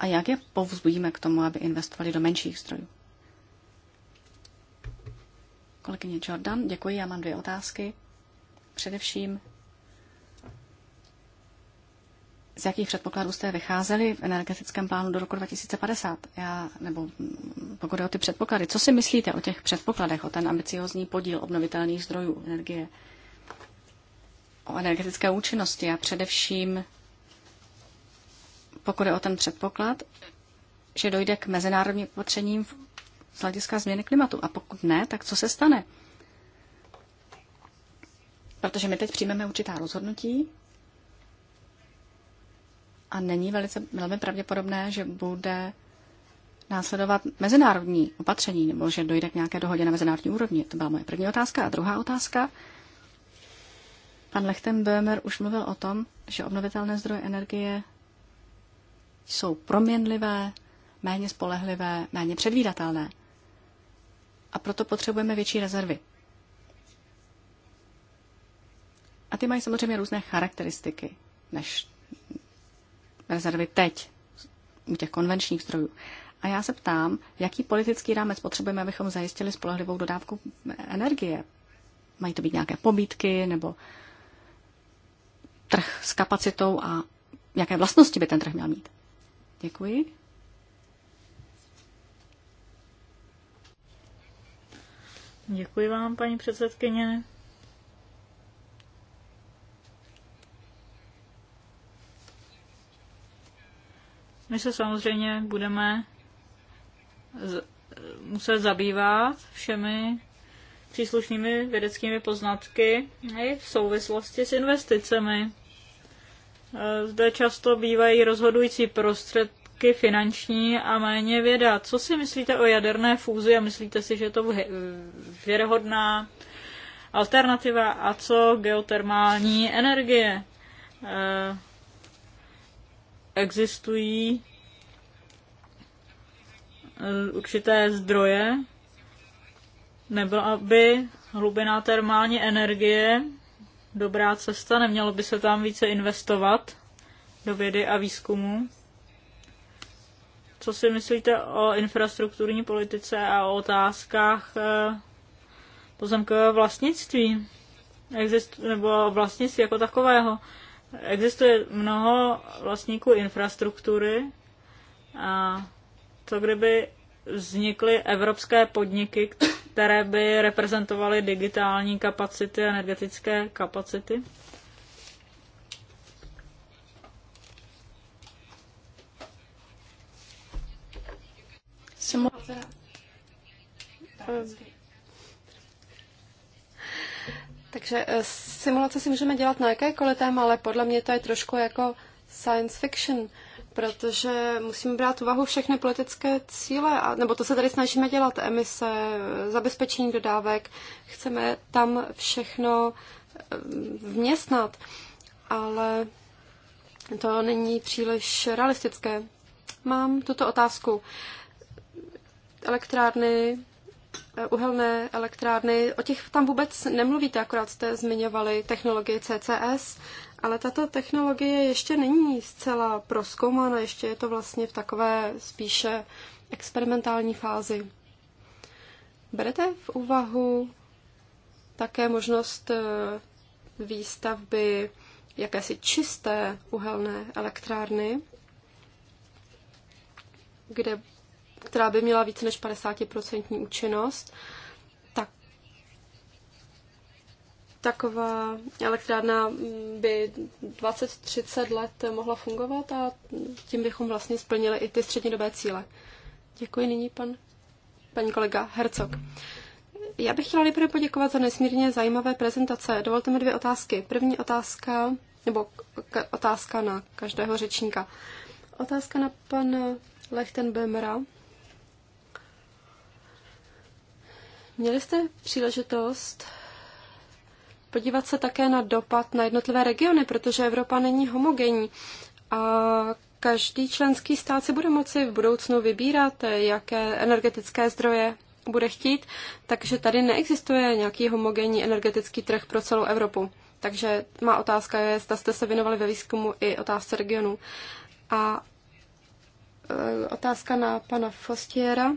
A jak je povzbudíme k tomu, aby investovali do menších zdrojů? Kolegyně Jordan, děkuji, já mám dvě otázky. Především, z jakých předpokladů jste vycházeli v energetickém plánu do roku 2050? Já, nebo pokud je o ty předpoklady, co si myslíte o těch předpokladech, o ten ambiciozní podíl obnovitelných zdrojů energie? o energetické účinnosti a především pokud je o ten předpoklad, že dojde k mezinárodním opatřením z hlediska změny klimatu. A pokud ne, tak co se stane? Protože my teď přijmeme určitá rozhodnutí a není velice, velmi pravděpodobné, že bude následovat mezinárodní opatření nebo že dojde k nějaké dohodě na mezinárodní úrovni. To byla moje první otázka. A druhá otázka, Pan Lechtenböhmer už mluvil o tom, že obnovitelné zdroje energie jsou proměnlivé, méně spolehlivé, méně předvídatelné. A proto potřebujeme větší rezervy. A ty mají samozřejmě různé charakteristiky než rezervy teď u těch konvenčních zdrojů. A já se ptám, jaký politický rámec potřebujeme, abychom zajistili spolehlivou dodávku energie. Mají to být nějaké pobídky nebo trh s kapacitou a jaké vlastnosti by ten trh měl mít. Děkuji. Děkuji vám, paní předsedkyně. My se samozřejmě budeme muset zabývat všemi příslušnými vědeckými poznatky i v souvislosti s investicemi. Eh, zde často bývají rozhodující prostředky finanční a méně věda. Co si myslíte o jaderné fúzi a myslíte si, že je to věrohodná alternativa? A co geotermální energie? Eh, existují eh, určité zdroje nebyla by hlubiná termální energie dobrá cesta, nemělo by se tam více investovat do vědy a výzkumu. Co si myslíte o infrastrukturní politice a o otázkách eh, pozemkového vlastnictví? Existu- nebo vlastnictví jako takového. Existuje mnoho vlastníků infrastruktury a co kdyby vznikly evropské podniky, které by reprezentovaly digitální kapacity, energetické kapacity? Takže eh, simulace si můžeme dělat na jakékoliv téma, ale podle mě to je trošku jako science fiction protože musíme brát úvahu všechny politické cíle, a, nebo to se tady snažíme dělat, emise, zabezpečení dodávek, chceme tam všechno eh, vměstnat, ale to není příliš realistické. Mám tuto otázku. Elektrárny, eh, uhelné elektrárny, o těch tam vůbec nemluvíte, akorát jste zmiňovali technologie CCS ale tato technologie ještě není zcela proskoumána, ještě je to vlastně v takové spíše experimentální fázi. Berete v úvahu také možnost eh, výstavby jakési čisté uhelné elektrárny, kde, která by měla více než 50% účinnost taková elektrárna by 20-30 let mohla fungovat a tím bychom vlastně splnili i ty střednědobé cíle. Děkuji nyní pan, paní kolega Hercog. Já bych chtěla nejprve poděkovat za nesmírně zajímavé prezentace. Dovolte mi dvě otázky. První otázka, nebo otázka na každého řečníka. Otázka na pana Lechtenbemera. Měli jste příležitost podívat se také na dopad na jednotlivé regiony, protože Evropa není homogenní a každý členský stát si bude moci v budoucnu vybírat, eh, jaké energetické zdroje bude chtít, takže tady neexistuje nějaký homogenní energetický trh pro celou Evropu. Takže má otázka je, zda jste se věnovali ve výzkumu i otázce regionu. A eh, otázka na pana Fostiera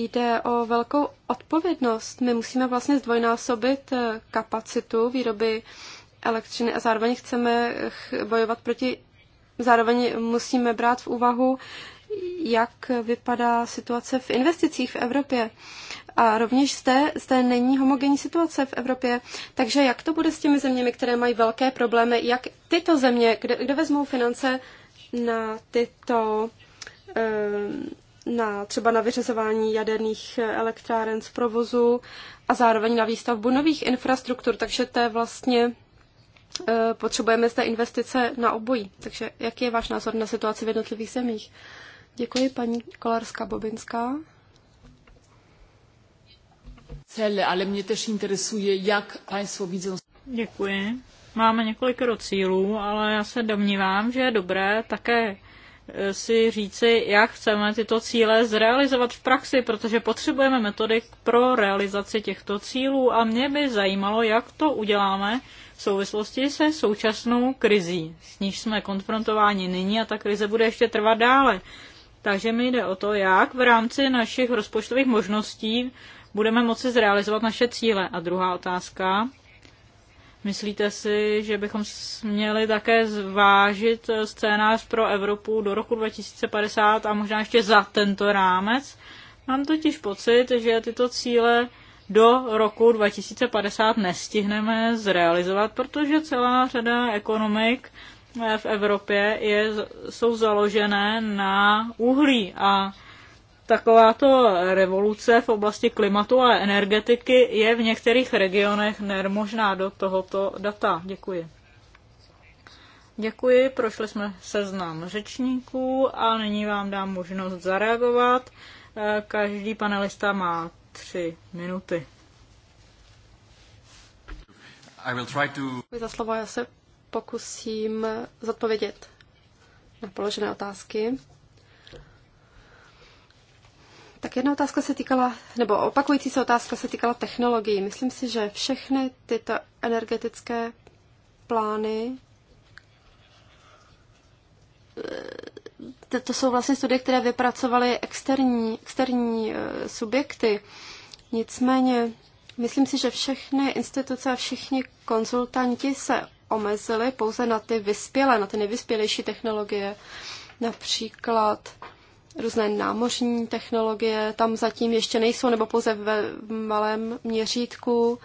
jde o velkou odpovědnost. My musíme vlastně zdvojnásobit eh, kapacitu výroby elektřiny a zároveň chceme bojovat proti, zároveň musíme brát v úvahu, jak vypadá situace v investicích v Evropě. A rovněž zde, zde není homogenní situace v Evropě. Takže jak to bude s těmi zeměmi, které mají velké problémy, jak tyto země, kde, kde vezmou finance na tyto um, na, třeba na vyřazování jaderných elektráren z provozu a zároveň na výstavbu nových infrastruktur, takže to je vlastně eh, potřebujeme zde investice na obojí. Takže jaký je váš názor na situaci v jednotlivých zemích? Děkuji, paní Kolarská-Bobinská. Cele, ale mě tež interesuje, jak państwo widzą... Děkuji. Máme několik cílů, ale já se domnívám, že je dobré také Eh, si říci, jak chceme tyto cíle zrealizovat v praxi, protože potřebujeme metody pro realizaci těchto cílů a mě by zajímalo, jak to uděláme v souvislosti se současnou krizí, s níž jsme konfrontováni nyní a ta krize bude ještě trvat dále. Takže mi jde o to, jak v rámci našich rozpočtových možností budeme moci zrealizovat naše cíle. A druhá otázka, Myslíte si, že bychom měli také zvážit scénář pro Evropu do roku 2050 a možná ještě za tento rámec? Mám totiž pocit, že tyto cíle do roku 2050 nestihneme zrealizovat, protože celá řada ekonomik eh, v Evropě je, jsou založené na uhlí a takováto revoluce v oblasti klimatu a energetiky je v některých regionech nermožná do tohoto data. Děkuji. Děkuji, prošli jsme seznam řečníků a nyní vám dám možnost zareagovat. Eh, každý panelista má tři minuty. I will try to... Za slovo já se pokusím zodpovědět na položené otázky. Tak jedna otázka se týkala, nebo opakující se otázka se týkala technologií. Myslím si, že všechny tyto energetické plány, eh, to jsou vlastně studie, které vypracovaly externí, externí eh, subjekty. Nicméně, myslím si, že všechny instituce a všichni konzultanti se omezili pouze na ty vyspělé, na ty nejvyspělejší technologie. Například různé námořní technologie, tam zatím ještě nejsou, nebo pouze ve malém měřítku,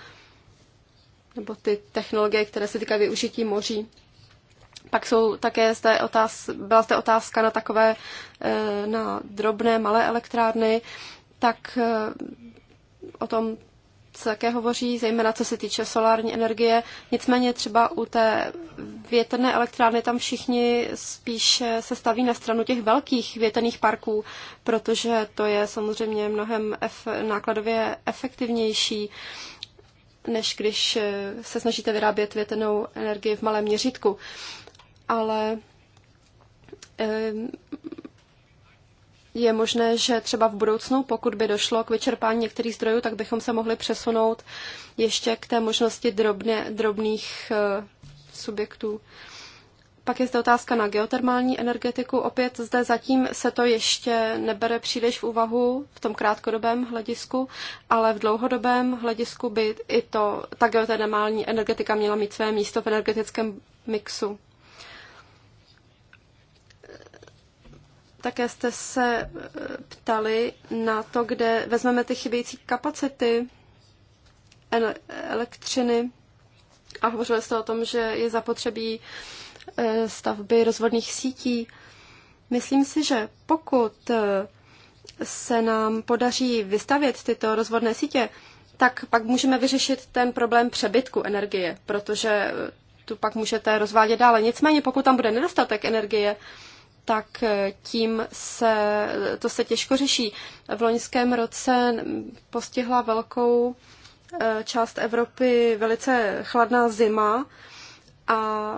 nebo ty technologie, které se týkají využití moří. Pak jsou také zde otáz, byla zde otázka na takové, eh, na drobné, malé elektrárny, tak eh, o tom také hovoří, zejména co se týče solární energie. Nicméně třeba u té větrné elektrárny tam všichni spíš se staví na stranu těch velkých větrných parků, protože to je samozřejmě mnohem ef- nákladově efektivnější než když eh, se snažíte vyrábět větrnou energii v malém měřítku. Ale eh, je možné, že třeba v budoucnu, pokud by došlo k vyčerpání některých zdrojů, tak bychom se mohli přesunout ještě k té možnosti drobně, drobných eh, subjektů. Pak je zde otázka na geotermální energetiku. Opět zde zatím se to ještě nebere příliš v úvahu v tom krátkodobém hledisku, ale v dlouhodobém hledisku by i to, ta geotermální energetika měla mít své místo v energetickém mixu. Také jste se e, ptali na to, kde vezmeme ty chybějící kapacity elektřiny a hovořili jste o tom, že je zapotřebí e, stavby rozvodných sítí. Myslím si, že pokud e, se nám podaří vystavět tyto rozvodné sítě, tak pak můžeme vyřešit ten problém přebytku energie, protože tu pak můžete rozvádět dále. Nicméně, pokud tam bude nedostatek energie, tak eh, tím se, to se těžko řeší. V loňském roce postihla velkou eh, část Evropy velice chladná zima a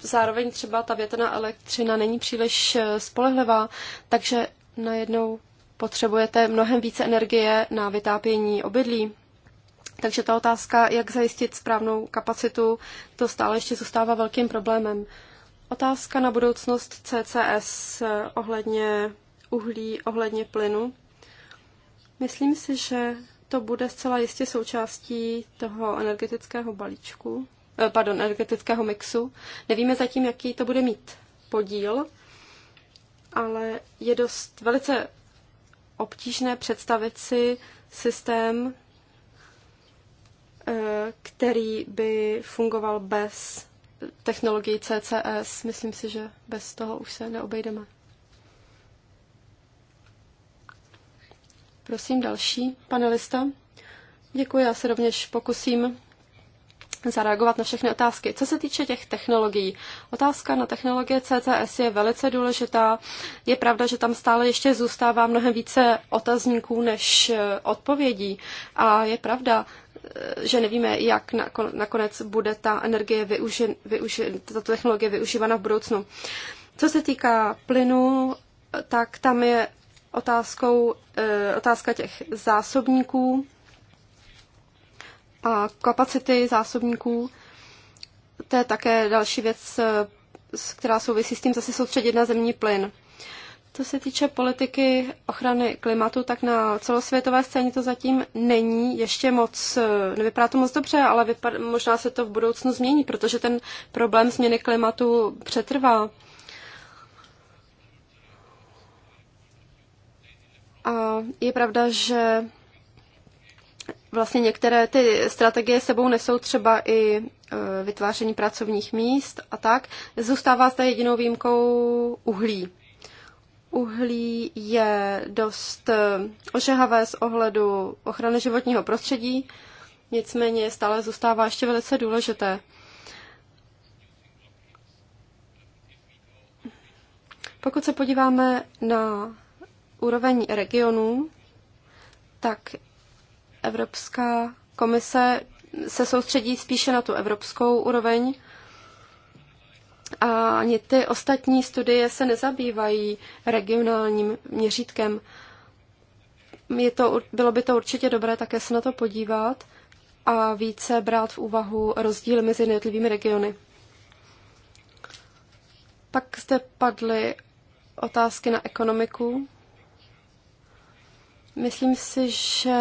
zároveň třeba ta větrná elektřina není příliš eh, spolehlivá, takže najednou potřebujete mnohem více energie na vytápění obydlí. Takže ta otázka, jak zajistit správnou kapacitu, to stále ještě zůstává velkým problémem. Otázka na budoucnost CCS eh, ohledně uhlí, ohledně plynu. Myslím si, že to bude zcela jistě součástí toho energetického balíčku, eh, pardon, energetického mixu. Nevíme zatím, jaký to bude mít podíl, ale je dost velice obtížné představit si systém, eh, který by fungoval bez technologii CCS. Myslím si, že bez toho už se neobejdeme. Prosím další panelista. Děkuji, já se rovněž pokusím zareagovat na všechny otázky. Co se týče těch technologií, otázka na technologie CCS je velice důležitá. Je pravda, že tam stále ještě zůstává mnohem více otazníků než eh, odpovědí. A je pravda, eh, že nevíme, jak nakonec bude ta energie využi, využi, tato technologie využívána v budoucnu. Co se týká plynu, tak tam je otázkou, eh, otázka těch zásobníků, kapacity zásobníků. To je také další věc, eh, která souvisí s tím zase soustředit na zemní plyn. Co se týče politiky ochrany klimatu, tak na celosvětové scéně to zatím není ještě moc, eh, nevypadá to moc dobře, ale vypad, možná se to v budoucnu změní, protože ten problém změny klimatu přetrvá. A je pravda, že vlastně některé ty strategie sebou nesou třeba i e, vytváření pracovních míst a tak. Zůstává zde jedinou výjimkou uhlí. Uhlí je dost e, ožehavé z ohledu ochrany životního prostředí, nicméně stále zůstává ještě velice důležité. Pokud se podíváme na úroveň regionů, tak Evropská komise se soustředí spíše na tu evropskou úroveň a ani ty ostatní studie se nezabývají regionálním měřítkem. Je to, bylo by to určitě dobré také se na to podívat a více brát v úvahu rozdíly mezi jednotlivými regiony. Pak zde padly otázky na ekonomiku. Myslím si, že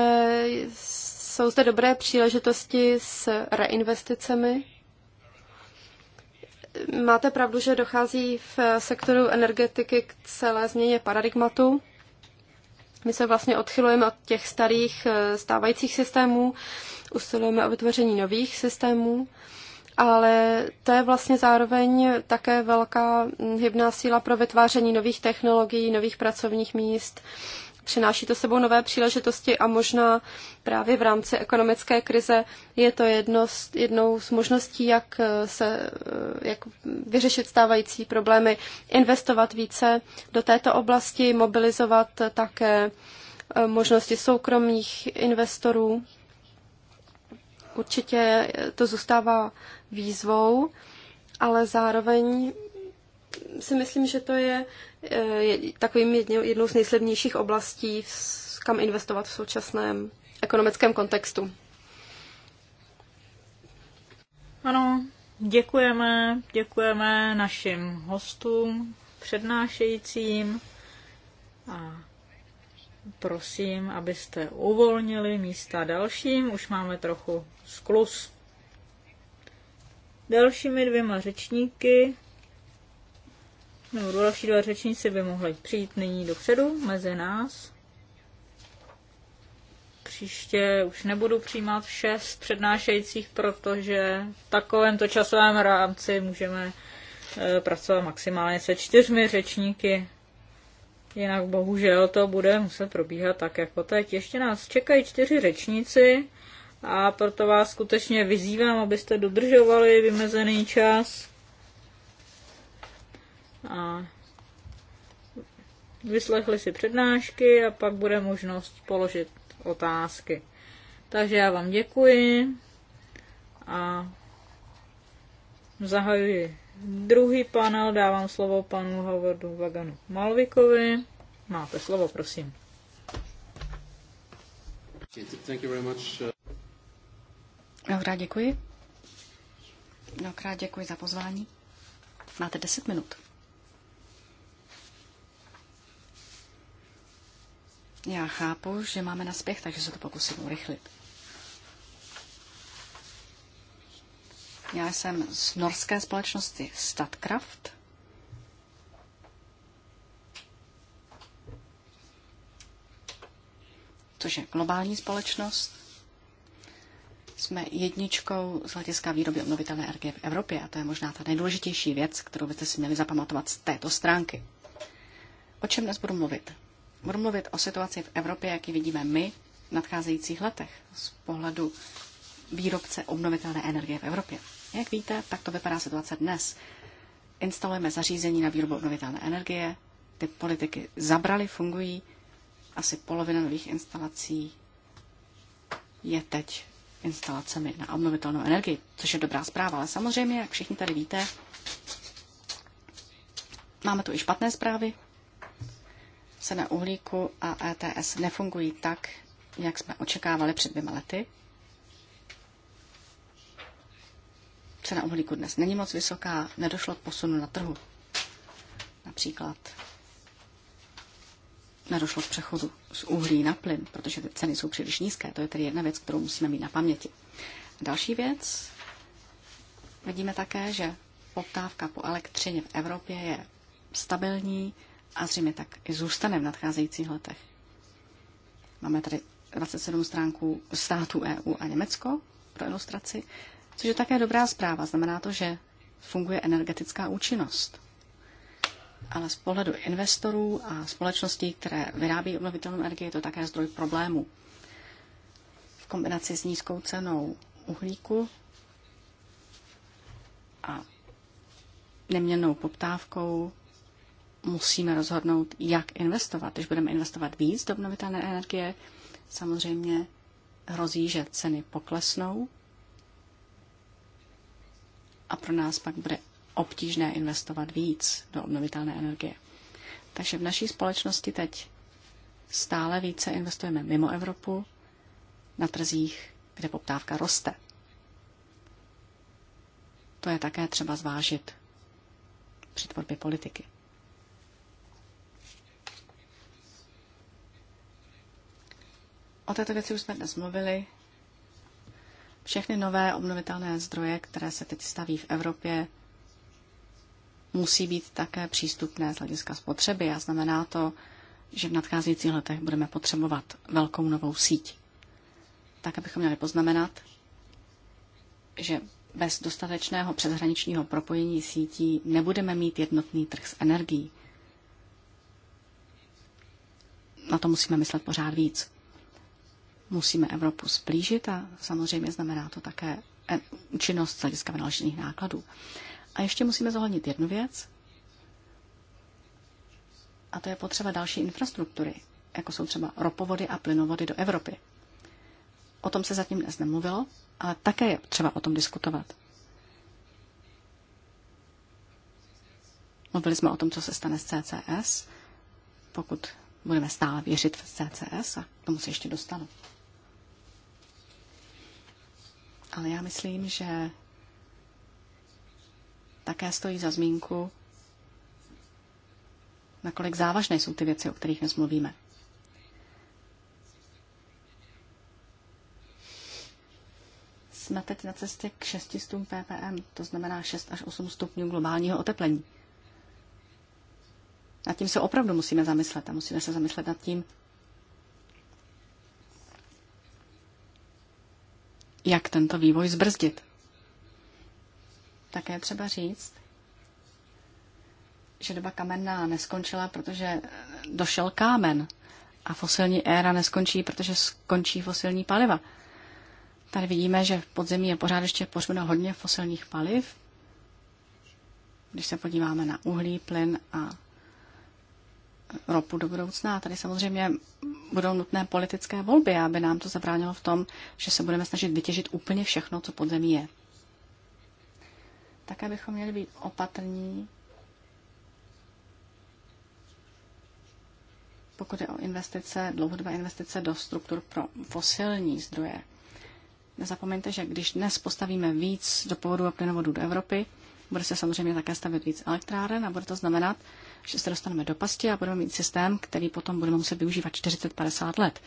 jsou zde dobré příležitosti s reinvesticemi. Máte pravdu, že dochází v sektoru energetiky k celé změně paradigmatu. My se vlastně odchylujeme od těch starých eh, stávajících systémů, usilujeme o vytvoření nových systémů, ale to je vlastně zároveň také velká hm, hybná síla pro vytváření nových technologií, nových pracovních míst přináší to sebou nové příležitosti a možná právě v rámci ekonomické krize je to jedno z, jednou z možností, jak, eh, se, eh, jak vyřešit stávající problémy, investovat více do této oblasti, mobilizovat také eh, možnosti soukromých investorů. Určitě to zůstává výzvou, ale zároveň si myslím, že to je, eh, takovým jednou, z nejslibnějších oblastí, kam investovat v současném ekonomickém kontextu. Ano, děkujeme, děkujeme našim hostům, přednášejícím a prosím, abyste uvolnili místa dalším, už máme trochu sklus. Dalšími dvěma řečníky No, další dva řečníci by mohli přijít nyní dopředu mezi nás. Příště už nebudu přijímat šest přednášejících, protože v takovémto časovém rámci můžeme eh, pracovat maximálně se čtyřmi řečníky. Jinak bohužel to bude muset probíhat tak jako teď. Ještě nás čekají čtyři řečníci a proto vás skutečně vyzývám, abyste dodržovali vymezený čas a vyslechli si přednášky a pak bude možnost položit otázky. Takže já vám děkuji a zahajuji druhý panel. Dávám slovo panu Howardu Vaganu Malvikovi. Máte slovo, prosím. Thank you very much. Uh, děkuji. Mnohokrát děkuji za pozvání. Máte 10 minut. Já chápu, že máme na spěch, takže se to pokusím urychlit. Já jsem z norské společnosti Statkraft. což je globální společnost. Jsme jedničkou z hlediska výroby obnovitelné energie v Evropě a to je možná ta nejdůležitější věc, kterou byste si měli zapamatovat z této stránky. O čem dnes budu mluvit? Budu mluvit o situaci v Evropě, jak ji vidíme my v nadcházejících letech z pohledu výrobce obnovitelné energie v Evropě. Jak víte, tak to vypadá situace dnes. Instalujeme zařízení na výrobu obnovitelné energie, ty politiky zabrali, fungují, asi polovina nových instalací je teď instalacemi na obnovitelnou energii, což je dobrá zpráva. Ale samozřejmě, jak všichni tady víte, máme tu i špatné zprávy, cena uhlíku a ETS nefungují tak, jak jsme očekávali před dvěma lety. Cena uhlíku dnes není moc vysoká, nedošlo k posunu na trhu. Například nedošlo k přechodu z uhlí na plyn, protože ty ceny jsou příliš nízké. To je tedy jedna věc, kterou musíme mít na paměti. Další věc, vidíme také, že poptávka po elektřině v Evropě je stabilní, a zřejmě tak i zůstane v nadcházejících letech. Máme tady 27 stránků států EU a Německo pro ilustraci, což je také dobrá zpráva. Znamená to, že funguje energetická účinnost. Ale z pohledu investorů a společností, které vyrábí obnovitelnou energii, je to také zdroj problémů. V kombinaci s nízkou cenou uhlíku a neměnou poptávkou musíme rozhodnout, jak investovat. Když budeme investovat víc do obnovitelné energie, samozřejmě hrozí, že ceny poklesnou a pro nás pak bude obtížné investovat víc do obnovitelné energie. Takže v naší společnosti teď stále více investujeme mimo Evropu na trzích, kde poptávka roste. To je také třeba zvážit při tvorbě politiky. O této věci už jsme dnes mluvili. Všechny nové obnovitelné zdroje, které se teď staví v Evropě, musí být také přístupné z hlediska spotřeby a znamená to, že v nadcházejících letech budeme potřebovat velkou novou síť. Tak, abychom měli poznamenat, že bez dostatečného přeshraničního propojení sítí nebudeme mít jednotný trh s energií. Na to musíme myslet pořád víc. Musíme Evropu splížit a samozřejmě znamená to také eh, činnost z hlediska vynaložených nákladů. A ještě musíme zohlednit jednu věc, a to je potřeba další infrastruktury, jako jsou třeba ropovody a plynovody do Evropy. O tom se zatím dnes nemluvilo, ale také je třeba o tom diskutovat. Mluvili jsme o tom, co se stane s CCS, pokud budeme stále věřit v CCS a k tomu se ještě dostanu ale já myslím, že také stojí za zmínku, nakolik závažné jsou ty věci, o kterých dnes mluvíme. Jsme teď na cestě k 600 ppm, to znamená 6 až 8 stupňů globálního oteplení. Nad tím se opravdu musíme zamyslet a musíme se zamyslet nad tím, jak tento vývoj zbrzdit. Také třeba říct, že doba kamenná neskončila, protože došel kámen a fosilní éra neskončí, protože skončí fosilní paliva. Tady vidíme, že v podzemí je pořád ještě pořmeno hodně fosilních paliv. Když se podíváme na uhlí, plyn a ropu do budoucna. Tady samozřejmě budou nutné politické volby, aby nám to zabránilo v tom, že se budeme snažit vytěžit úplně všechno, co pod zemí je. Také bychom měli být opatrní, pokud je o investice, dlouhodobé investice do struktur pro fosilní zdroje. Nezapomeňte, že když dnes postavíme víc povodu a plynovodů do Evropy, bude se samozřejmě také stavět víc elektráren a bude to znamenat, že se dostaneme do pasti a budeme mít systém, který potom budeme muset využívat 40-50 let.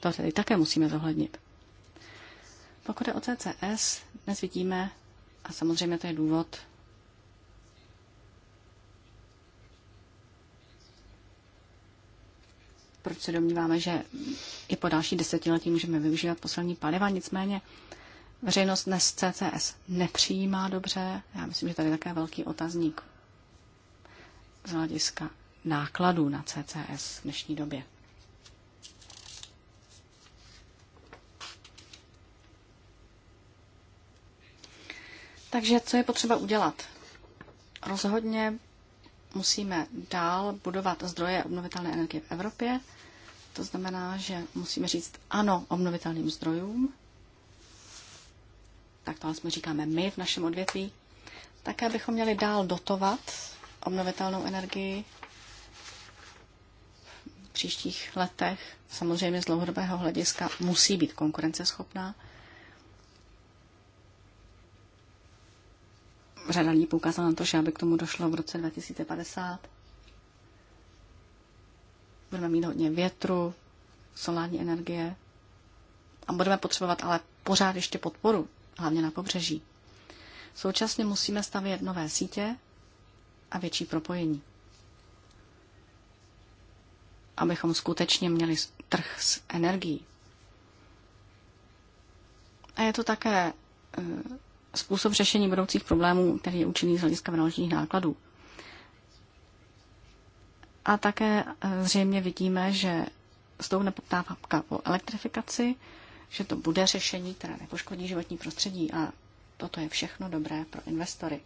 To tedy také musíme zohlednit. Pokud je o CCS, dnes vidíme, a samozřejmě to je důvod, proč se domníváme, že i po další desetiletí můžeme využívat poslední paliva. Nicméně veřejnost dnes CCS nepřijímá dobře. Já myslím, že tady je také velký otazník z hlediska nákladů na CCS v dnešní době. Takže co je potřeba udělat? Rozhodně musíme dál budovat zdroje obnovitelné energie v Evropě. To znamená, že musíme říct ano obnovitelným zdrojům. Tak to jsme vlastně říkáme my v našem odvětví. Také bychom měli dál dotovat obnovitelnou energii v příštích letech, samozřejmě z dlouhodobého hlediska, musí být konkurenceschopná. Řada lidí poukázala na to, že aby k tomu došlo v roce 2050, budeme mít hodně větru, solární energie a budeme potřebovat ale pořád ještě podporu, hlavně na pobřeží. Současně musíme stavět nové sítě, a větší propojení. Abychom skutečně měli trh s energií. A je to také e, způsob řešení budoucích problémů, který je účinný z hlediska vynaložených nákladů. A také e, zřejmě vidíme, že stoupne nepoptávka po elektrifikaci, že to bude řešení, které nepoškodí životní prostředí a toto je všechno dobré pro investory,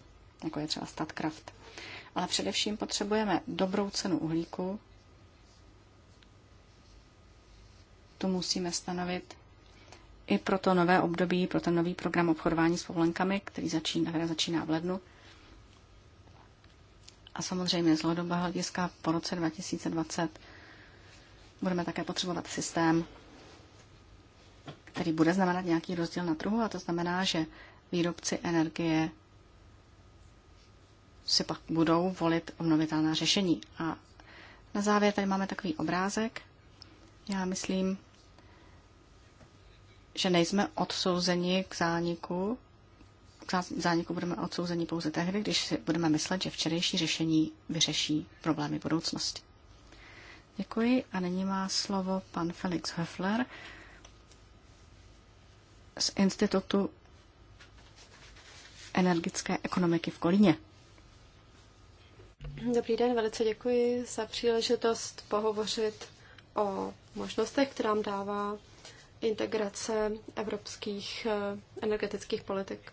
jako je třeba Statkraft ale především potřebujeme dobrou cenu uhlíku. Tu musíme stanovit i pro to nové období, pro ten nový program obchodování s povolenkami, který začíná, která začíná v lednu. A samozřejmě z dlouhodobého hlediska po roce 2020 budeme také potřebovat systém, který bude znamenat nějaký rozdíl na trhu a to znamená, že výrobci energie si pak budou volit obnovitelná řešení. A na závěr tady máme takový obrázek. Já myslím, že nejsme odsouzeni k zániku. K zániku budeme odsouzeni pouze tehdy, když si budeme myslet, že včerejší řešení vyřeší problémy budoucnosti. Děkuji a nyní má slovo pan Felix Höfler z Institutu energetické ekonomiky v Kolíně. Dobrý den, velice děkuji za příležitost pohovořit o možnostech, která nám dává integrace evropských eh, energetických politik.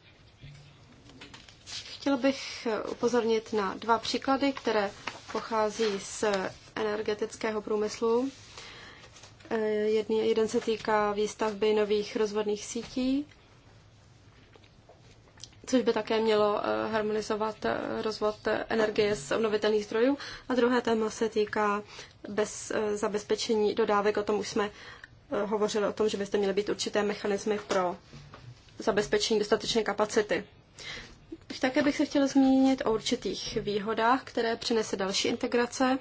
Chtěl bych upozornit na dva příklady, které pochází z energetického průmyslu. Eh, Jedný, jeden se týká výstavby nových rozvodných sítí což by také mělo eh, harmonizovat eh, rozvod energie z obnovitelných zdrojů. A druhé téma se týká bez eh, zabezpečení dodávek. O tom už jsme hovořili, o tom, že byste měli být určité mechanismy pro zabezpečení dostatečné kapacity. Také bych se chtěla zmínit o určitých výhodách, které přinese další integrace,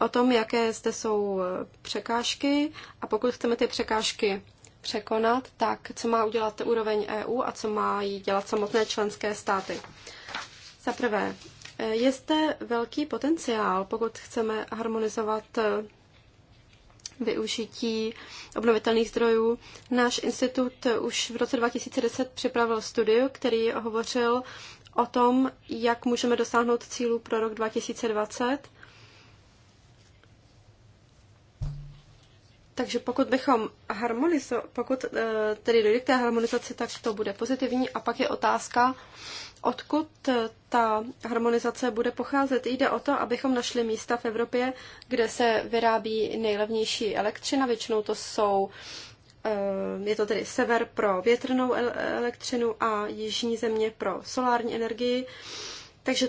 o tom, jaké zde jsou překážky a pokud chceme ty překážky překonat, tak co má udělat úroveň EU a co má dělat samotné členské státy. Za prvé, eh, je zde velký potenciál, pokud chceme harmonizovat eh, využití obnovitelných zdrojů. Náš institut eh, už v roce 2010 připravil studiu, který hovořil o tom, jak můžeme dosáhnout cílů pro rok 2020 Takže pokud bychom harmonizo, pokud eh, tedy dojde k té harmonizaci, tak to bude pozitivní. A pak je otázka, odkud eh, ta harmonizace bude pocházet. Jde o to, abychom našli místa v Evropě, kde se vyrábí nejlevnější elektřina. Většinou to jsou, eh, je to tedy sever pro větrnou elektřinu a jižní země pro solární energii. Takže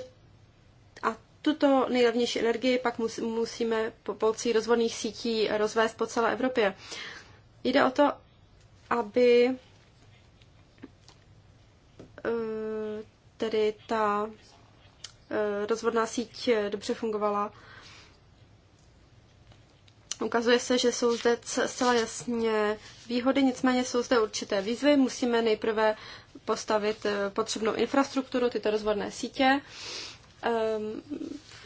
tuto nejlevnější energii pak musíme pomocí rozvodných sítí rozvést po celé Evropě. Jde o to, aby eh, tedy ta eh, rozvodná síť dobře fungovala. Ukazuje se, že jsou zde zcela jasně výhody, nicméně jsou zde určité výzvy. Musíme nejprve postavit eh, potřebnou infrastrukturu, tyto rozvodné sítě. Ehm,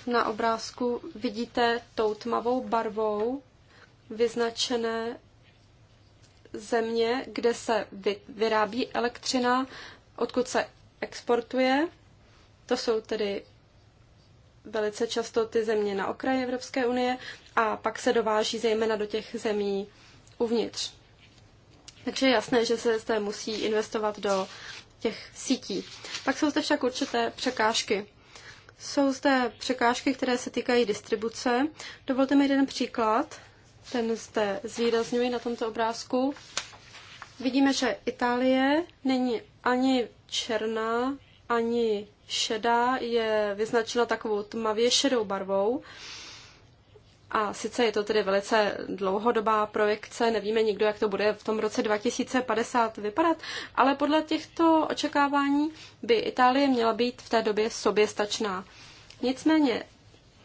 na obrázku vidíte tou tmavou barvou vyznačené země, kde se vyrábí elektřina, odkud se exportuje. To jsou tedy velice často ty země na okraji Evropské unie a pak se dováží zejména do těch zemí uvnitř. Takže je jasné, že se zde musí investovat do těch sítí. Pak jsou zde však určité překážky. Jsou zde překážky, které se týkají distribuce. Dovolte mi jeden příklad. Ten zde zvýrazňuji na tomto obrázku. Vidíme, že Itálie není ani černá, ani šedá, je vyznačena takovou tmavě šedou barvou. A sice je to tedy velice dlouhodobá projekce, nevíme nikdo, jak to bude v tom roce 2050 vypadat, ale podle těchto očekávání by Itálie měla být v té době soběstačná. Nicméně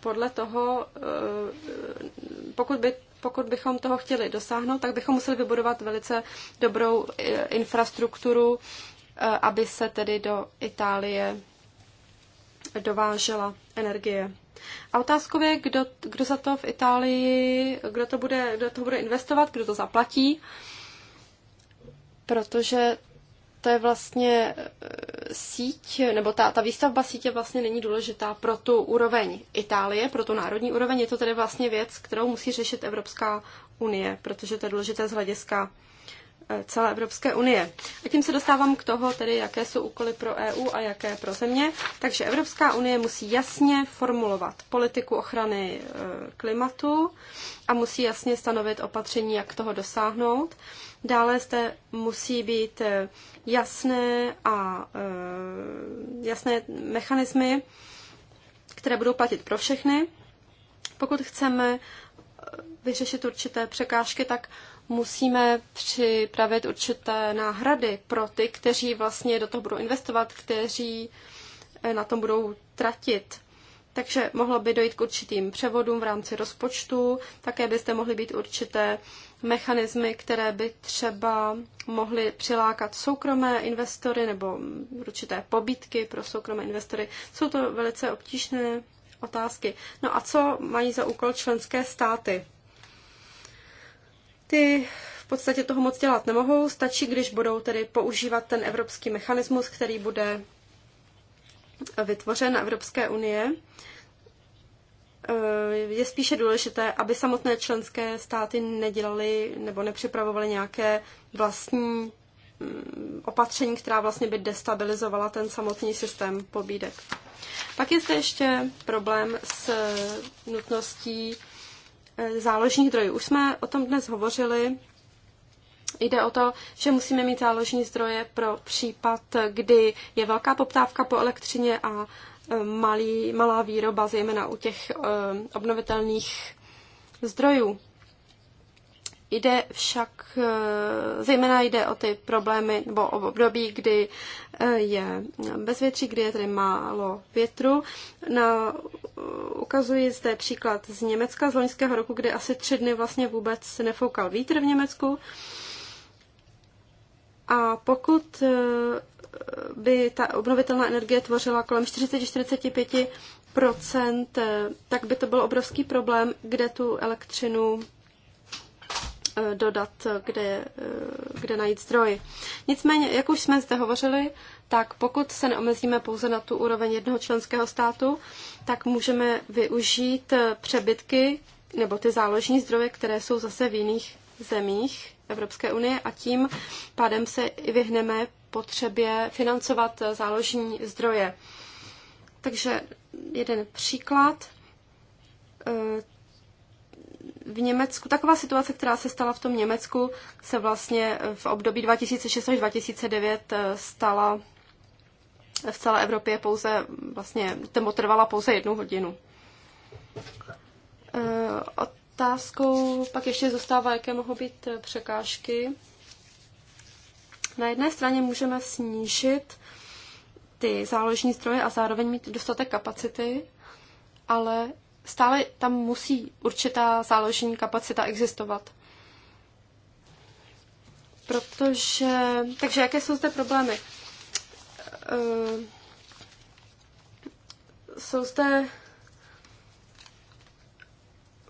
podle toho, eh, pokud, by, pokud bychom toho chtěli dosáhnout, tak bychom museli vybudovat velice dobrou eh, infrastrukturu, eh, aby se tedy do Itálie dovážela energie. A otázkově, kdo, kdo za to v Itálii, kdo to bude, kdo to bude investovat, kdo to zaplatí, protože to je vlastně e, síť, nebo ta, ta výstavba sítě vlastně není důležitá pro tu úroveň Itálie, pro tu národní úroveň. Je to tedy vlastně věc, kterou musí řešit Evropská unie, protože to je důležité z hlediska celé Evropské unie. A tím se dostávám k toho, tedy jaké jsou úkoly pro EU a jaké pro země. Takže Evropská unie musí jasně formulovat politiku ochrany e, klimatu a musí jasně stanovit opatření, jak toho dosáhnout. Dále zde musí být e, jasné a e, jasné mechanismy, které budou platit pro všechny. Pokud chceme vyřešit určité překážky, tak musíme připravit určité náhrady pro ty, kteří vlastně do toho budou investovat, kteří eh, na tom budou tratit. Takže mohlo by dojít k určitým převodům v rámci rozpočtu, také byste mohly být určité mechanismy, které by třeba mohly přilákat soukromé investory nebo mm, určité pobítky pro soukromé investory. Jsou to velice obtížné otázky. No a co mají za úkol členské státy? Ty v podstatě toho moc dělat nemohou, stačí, když budou tedy používat ten evropský mechanismus, který bude vytvořen na Evropské unie. Eh, je spíše důležité, aby samotné členské státy nedělaly nebo nepřipravovaly nějaké vlastní mm, opatření, která vlastně by destabilizovala ten samotný systém pobídek. Pak je zde ještě problém s nutností Eh, záložních zdrojů. Už jsme o tom dnes hovořili. Jde o to, že musíme mít záložní zdroje pro případ, kdy je velká poptávka po elektřině a eh, malý, malá výroba, zejména u těch eh, obnovitelných zdrojů. Jde však, eh, zejména jde o ty problémy nebo o období, kdy eh, je bezvětří, kdy je tedy málo větru. Na, eh, ukazuji zde příklad z Německa z loňského roku, kdy asi tři dny vlastně vůbec nefoukal vítr v Německu. A pokud by ta obnovitelná energie tvořila kolem 40-45 procent, tak by to byl obrovský problém, kde tu elektřinu dodat, kde, kde najít zdroj. Nicméně, jak už jsme zde hovořili, tak pokud se neomezíme pouze na tu úroveň jednoho členského státu, tak můžeme využít přebytky nebo ty záložní zdroje, které jsou zase v jiných zemích Evropské unie a tím pádem se i vyhneme potřebě financovat záložní zdroje. Takže jeden příklad v Německu, taková situace, která se stala v tom Německu, se vlastně v období 2006 až 2009 eh, stala v celé Evropě pouze, vlastně tempo trvala pouze jednu hodinu. Eh, otázkou pak ještě zůstává, jaké mohou být eh, překážky. Na jedné straně můžeme snížit ty záložní stroje a zároveň mít dostatek kapacity, ale stále tam musí určitá záložní kapacita existovat. Protože, takže jaké jsou zde problémy? Eh, jsou zde,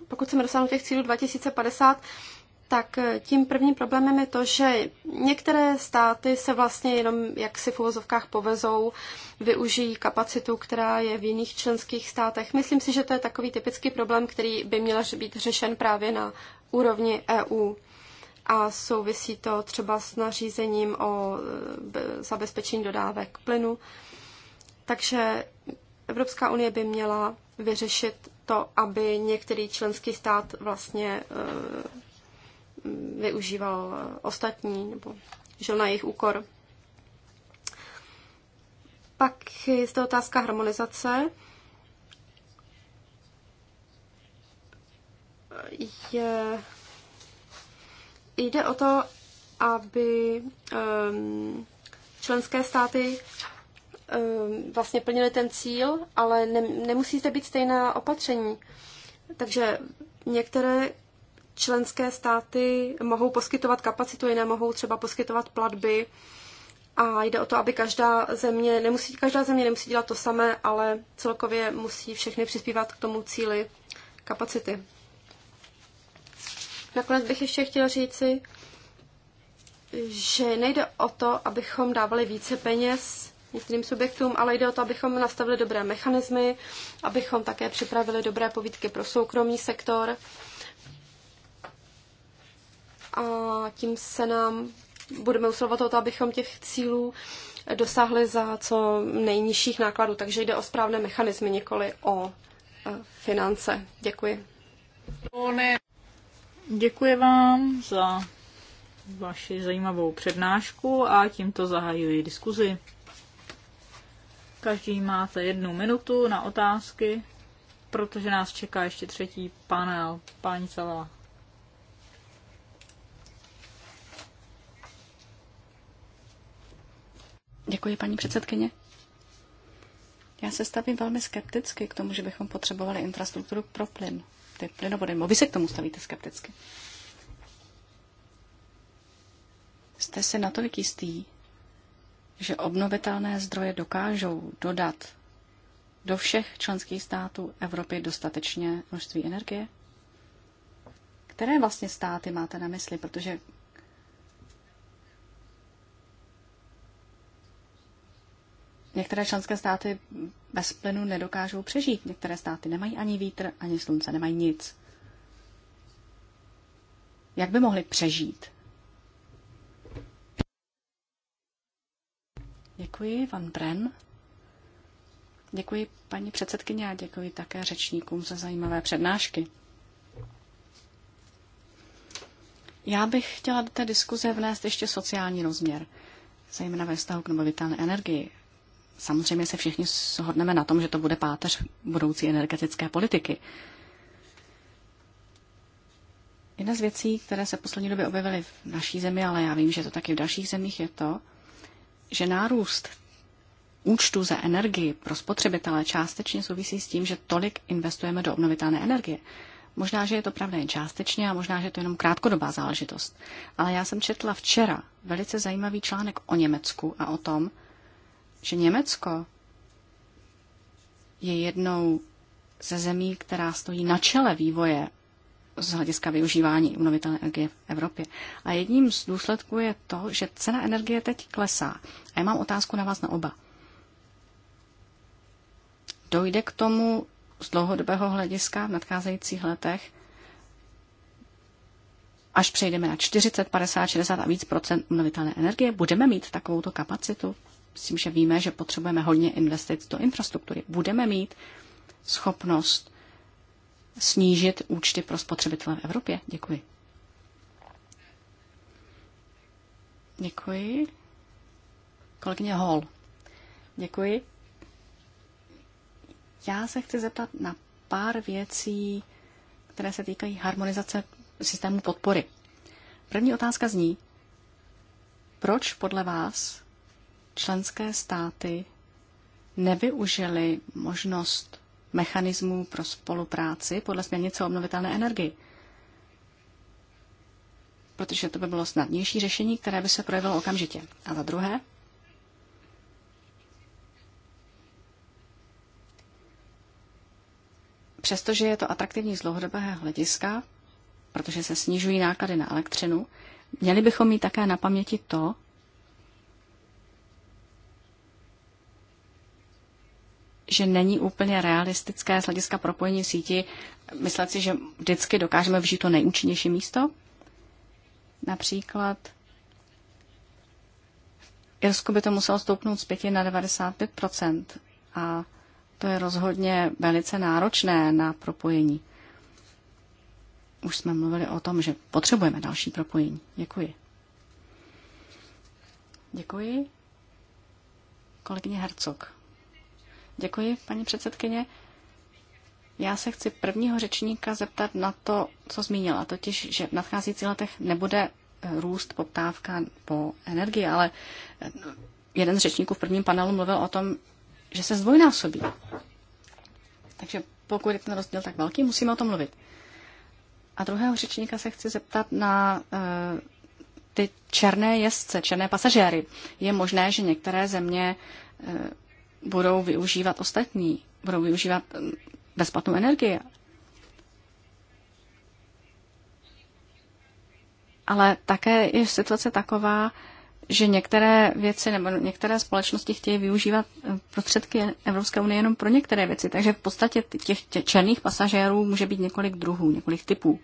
pokud jsem dosáhnout těch cílů 2050, tak eh, tím prvním problémem je to, že některé státy se vlastně jenom jak si v uvozovkách povezou, využijí kapacitu, která je v jiných členských státech. Myslím si, že to je takový typický problém, který by měl být řešen právě na úrovni EU. A souvisí to třeba s nařízením o eh, zabezpečení dodávek plynu. Takže Evropská unie by měla vyřešit to, aby některý členský stát vlastně eh, využíval ostatní nebo žil na jejich úkor. Pak je zde otázka harmonizace. Je, jde o to, aby um, členské státy um, vlastně plnily ten cíl, ale ne, nemusí zde být stejná opatření. Takže některé členské státy mohou poskytovat kapacitu, jiné mohou třeba poskytovat platby. A jde o to, aby každá země nemusí, každá země nemusí dělat to samé, ale celkově musí všechny přispívat k tomu cíli kapacity. Nakonec bych ještě chtěla říci, že nejde o to, abychom dávali více peněz některým subjektům, ale jde o to, abychom nastavili dobré mechanismy, abychom také připravili dobré povídky pro soukromý sektor a tím se nám budeme usilovat o to, abychom těch cílů dosáhli za co nejnižších nákladů. Takže jde o správné mechanizmy, nikoli o e, finance. Děkuji. Děkuji vám za vaši zajímavou přednášku a tímto zahajuji diskuzi. Každý máte jednu minutu na otázky, protože nás čeká ještě třetí panel. Paní Celá. Děkuji, paní předsedkyně. Já se stavím velmi skepticky k tomu, že bychom potřebovali infrastrukturu pro plyn, ty plynovody. Vy se k tomu stavíte skepticky. Jste si natolik jistý, že obnovitelné zdroje dokážou dodat do všech členských států Evropy dostatečně množství energie? Které vlastně státy máte na mysli? Protože Některé členské státy bez plynu nedokážou přežít. Některé státy nemají ani vítr, ani slunce, nemají nic. Jak by mohli přežít? Děkuji, Van Bren. Děkuji paní předsedkyně a děkuji také řečníkům za zajímavé přednášky. Já bych chtěla do té diskuze vnést ještě sociální rozměr, zejména ve vztahu k obnovitelné energii samozřejmě se všichni shodneme na tom, že to bude páteř budoucí energetické politiky. Jedna z věcí, které se poslední době objevily v naší zemi, ale já vím, že to taky v dalších zemích, je to, že nárůst účtu za energii pro spotřebitele částečně souvisí s tím, že tolik investujeme do obnovitelné energie. Možná, že je to pravda jen částečně a možná, že je to jenom krátkodobá záležitost. Ale já jsem četla včera velice zajímavý článek o Německu a o tom, že Německo je jednou ze zemí, která stojí na čele vývoje z hlediska využívání obnovitelné energie v Evropě. A jedním z důsledků je to, že cena energie teď klesá. A já mám otázku na vás na oba. Dojde k tomu z dlouhodobého hlediska v nadcházejících letech, až přejdeme na 40, 50, 60 a víc procent obnovitelné energie, budeme mít takovouto kapacitu? myslím, že víme, že potřebujeme hodně investic do infrastruktury. Budeme mít schopnost snížit účty pro spotřebitele v Evropě. Děkuji. Děkuji. Kolegyně Hall. Děkuji. Já se chci zeptat na pár věcí, které se týkají harmonizace systému podpory. První otázka zní, proč podle vás členské státy nevyužily možnost mechanismů pro spolupráci podle směrnice o obnovitelné energii. Protože to by bylo snadnější řešení, které by se projevilo okamžitě. A za druhé, přestože je to atraktivní z dlouhodobého hlediska, protože se snižují náklady na elektřinu, měli bychom mít také na paměti to, že není úplně realistické z hlediska propojení síti myslet si, že vždycky dokážeme vžít to nejúčinnější místo. Například Irsko by to muselo stoupnout z 5 na 95 a to je rozhodně velice náročné na propojení. Už jsme mluvili o tom, že potřebujeme další propojení. Děkuji. Děkuji. Kolegyně Hercog. Děkuji, paní předsedkyně. Já se chci prvního řečníka zeptat na to, co zmínila, totiž, že v nadcházících letech nebude eh, růst poptávka po energii, ale eh, jeden z řečníků v prvním panelu mluvil o tom, že se zdvojnásobí. Takže pokud je ten rozdíl tak velký, musíme o tom mluvit. A druhého řečníka se chci zeptat na uh, ty černé jezdce, černé pasažéry. Je možné, že některé země budou využívat ostatní, budou využívat mm, bezplatnou energii. Ale také je situace taková, že některé věci nebo některé společnosti chtějí využívat eh, prostředky Evropské unie jenom pro některé věci. Takže v podstatě těch černých pasažérů může být několik druhů, několik typů.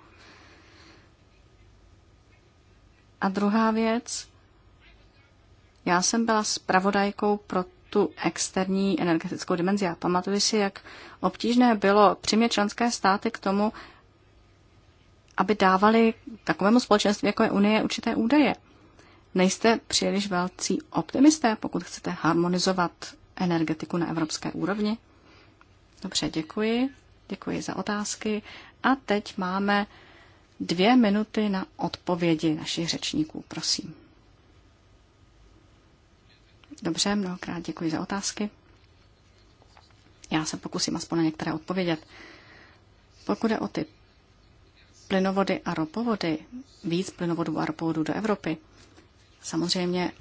A druhá věc, já jsem byla spravodajkou pro tu externí energetickou dimenzi. Já pamatuju si, jak obtížné bylo přimět členské státy k tomu, aby dávali takovému společenství, jako je Unie, určité údaje. Nejste příliš velcí optimisté, pokud chcete harmonizovat energetiku na evropské úrovni? Dobře, děkuji. Děkuji za otázky. A teď máme dvě minuty na odpovědi našich řečníků, prosím. Dobře, mnohokrát děkuji za otázky. Já se pokusím aspoň na některé odpovědět. Pokud je o ty plynovody a ropovody, víc plynovodů a ropovodů do Evropy, samozřejmě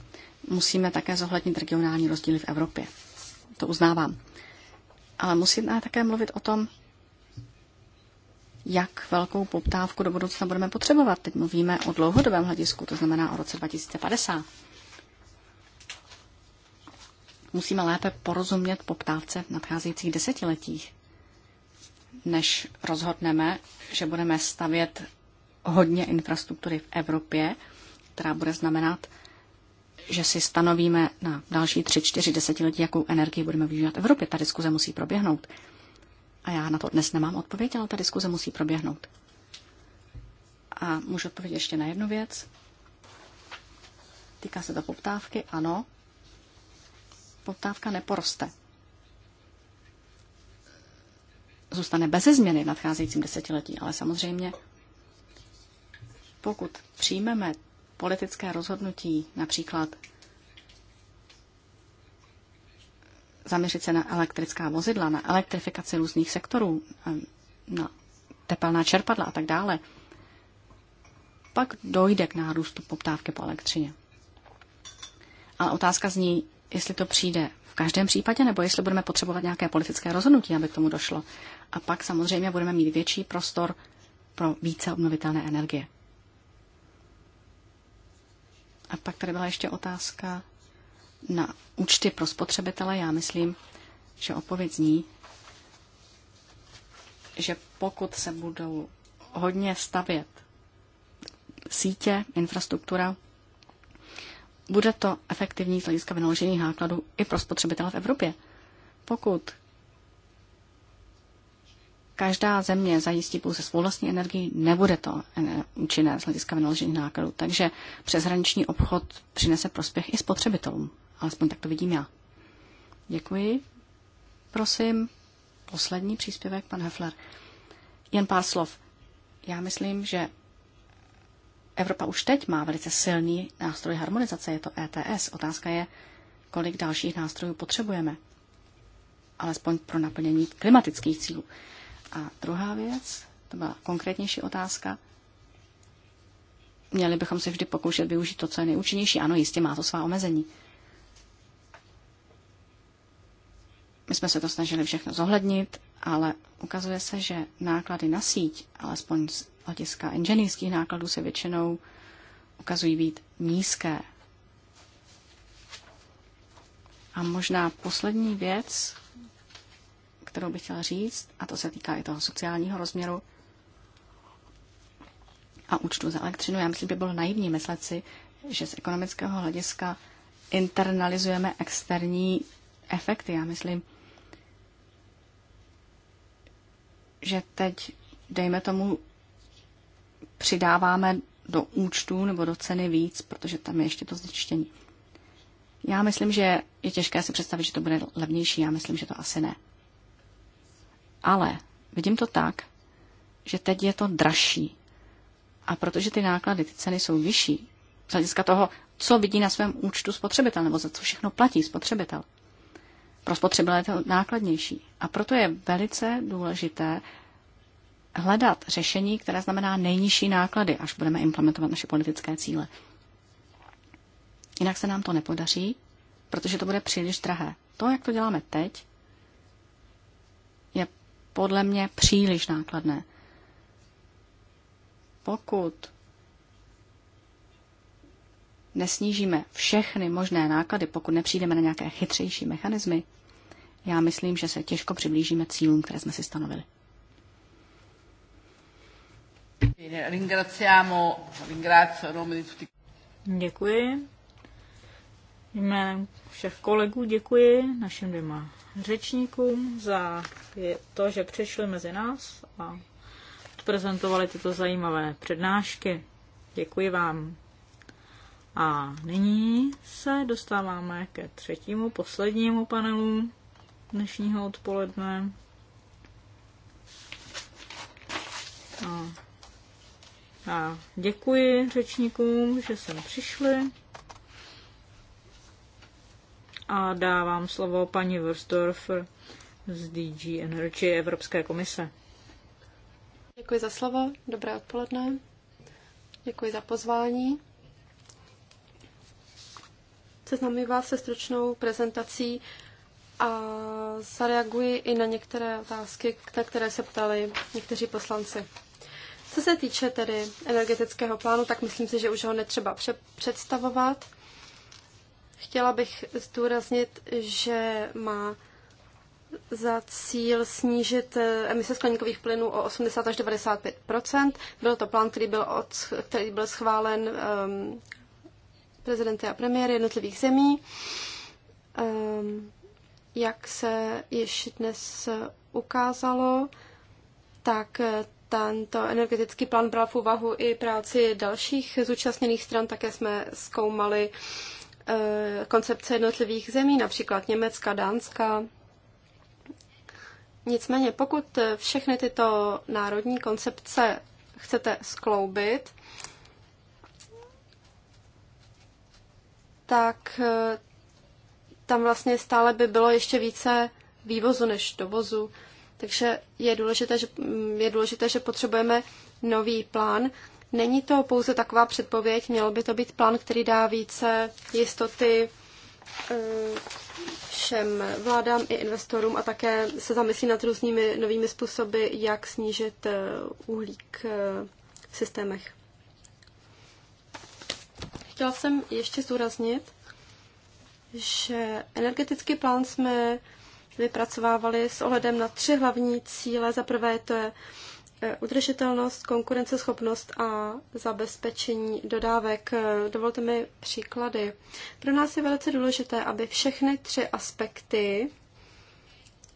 musíme také zohlednit regionální rozdíly v Evropě. To uznávám. Ale musíme také mluvit o tom, jak velkou poptávku do budoucna budeme potřebovat. Teď mluvíme o dlouhodobém hledisku, to znamená o roce 2050 musíme lépe porozumět poptávce v nadcházejících desetiletích, než rozhodneme, že budeme stavět hodně infrastruktury v Evropě, která bude znamenat, že si stanovíme na další tři, čtyři desetiletí, jakou energii budeme využívat v Evropě. Ta diskuze musí proběhnout. A já na to dnes nemám odpověď, ale ta diskuze musí proběhnout. A můžu odpovědět ještě na jednu věc. Týká se to poptávky, ano poptávka neporoste. Zůstane beze změny v nadcházejícím desetiletí, ale samozřejmě pokud přijmeme politické rozhodnutí, například zaměřit se na elektrická vozidla, na elektrifikaci různých sektorů, na tepelná čerpadla a tak dále, pak dojde k nárůstu poptávky po elektřině. Ale otázka zní, jestli to přijde v každém případě, nebo jestli budeme potřebovat nějaké politické rozhodnutí, aby k tomu došlo. A pak samozřejmě budeme mít větší prostor pro více obnovitelné energie. A pak tady byla ještě otázka na účty pro spotřebitele. Já myslím, že odpověď zní, že pokud se budou hodně stavět sítě, infrastruktura, bude to efektivní z hlediska vynaložených nákladů i pro spotřebitele v Evropě. Pokud každá země zajistí pouze svou vlastní energii, nebude to účinné z hlediska vynaložených nákladů. Takže přeshraniční obchod přinese prospěch i spotřebitelům. Alespoň tak to vidím já. Děkuji. Prosím, poslední příspěvek, pan Hefler. Jen pár slov. Já myslím, že Evropa už teď má velice silný nástroj harmonizace, je to ETS. Otázka je, kolik dalších nástrojů potřebujeme. Alespoň pro naplnění klimatických cílů. A druhá věc, to byla konkrétnější otázka, měli bychom se vždy pokoušet využít to, co je nejúčinnější. Ano, jistě má to svá omezení. My jsme se to snažili všechno zohlednit, ale ukazuje se, že náklady na síť, alespoň z hlediska inženýrských nákladů se většinou ukazují být nízké. A možná poslední věc, kterou bych chtěla říct, a to se týká i toho sociálního rozměru a účtu za elektřinu, já myslím, by bylo naivní myslet si, že z ekonomického hlediska internalizujeme externí efekty. Já myslím, že teď, dejme tomu, přidáváme do účtu nebo do ceny víc, protože tam je ještě to zničtění. Já myslím, že je těžké si představit, že to bude levnější. Já myslím, že to asi ne. Ale vidím to tak, že teď je to dražší. A protože ty náklady, ty ceny jsou vyšší, z hlediska toho, co vidí na svém účtu spotřebitel, nebo za co všechno platí spotřebitel. Pro spotřebitele je to nákladnější. A proto je velice důležité, hledat řešení, které znamená nejnižší náklady, až budeme implementovat naše politické cíle. Jinak se nám to nepodaří, protože to bude příliš drahé. To, jak to děláme teď, je podle mě příliš nákladné. Pokud nesnížíme všechny možné náklady, pokud nepřijdeme na nějaké chytřejší mechanismy, já myslím, že se těžko přiblížíme cílům, které jsme si stanovili. Děkuji. Jménem všech kolegů děkuji našim dvěma řečníkům za to, že přišli mezi nás a prezentovali tyto zajímavé přednášky. Děkuji vám. A nyní se dostáváme ke třetímu, poslednímu panelu dnešního odpoledne. A a děkuji řečníkům, že sem přišli. A dávám slovo paní Wurstdorfer z DG Energy Evropské komise. Děkuji za slovo, dobré odpoledne. Děkuji za pozvání. Seznámím vás se stručnou prezentací a zareaguji i na některé otázky, na které se ptali někteří poslanci. Co se týče tedy energetického plánu, tak myslím si, že už ho netřeba představovat. Chtěla bych zdůraznit, že má za cíl snížit eh, emise skleníkových plynů o 80 až 95 Byl to plán, který byl, od, který byl schválen um, ehm, prezidenty a premiéry jednotlivých zemí. Um, jak se již dnes ukázalo, tak eh, tento energetický plán bral v úvahu i práci dalších zúčastněných stran. Také jsme zkoumali eh, koncepce jednotlivých zemí, například Německa, Dánska. Nicméně, pokud všechny tyto národní koncepce chcete skloubit, tak eh, tam vlastně stále by bylo ještě více vývozu než dovozu. Takže je důležité, že, mm, je důležité, že potřebujeme nový plán. Není to pouze taková předpověď, měl by to být plán, který dá více jistoty eh, všem vládám i investorům a také se zamyslí nad různými novými způsoby, jak snížit eh, uhlík eh, v systémech. Chtěla jsem ještě zdůraznit, že energetický plán jsme vypracovávali s ohledem na tři hlavní cíle. Za prvé to je e, udržitelnost, konkurenceschopnost a zabezpečení dodávek. E, dovolte mi příklady. Pro nás je velice důležité, aby všechny tři aspekty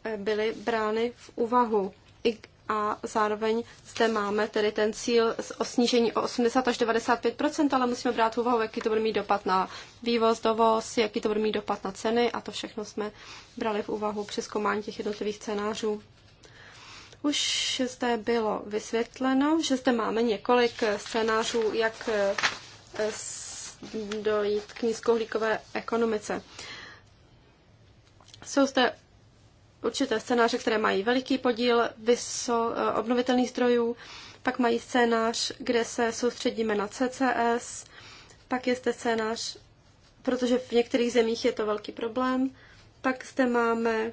e, byly brány v úvahu. I a zároveň zde máme tedy ten cíl o snížení o 80 až 95 ale musíme brát v úvahu, jaký to bude mít dopad na vývoz, dovoz, jaký to bude mít dopad na ceny a to všechno jsme brali v úvahu při zkoumání těch jednotlivých scénářů. Už zde bylo vysvětleno, že zde máme několik scénářů, jak eh, dojít k nízkouhlíkové ekonomice. Jsou zde určité scénáře, které mají veliký podíl vyso, eh, obnovitelných zdrojů, pak mají scénář, kde se soustředíme na CCS, pak je zde scénář, protože v některých zemích je to velký problém, pak zde máme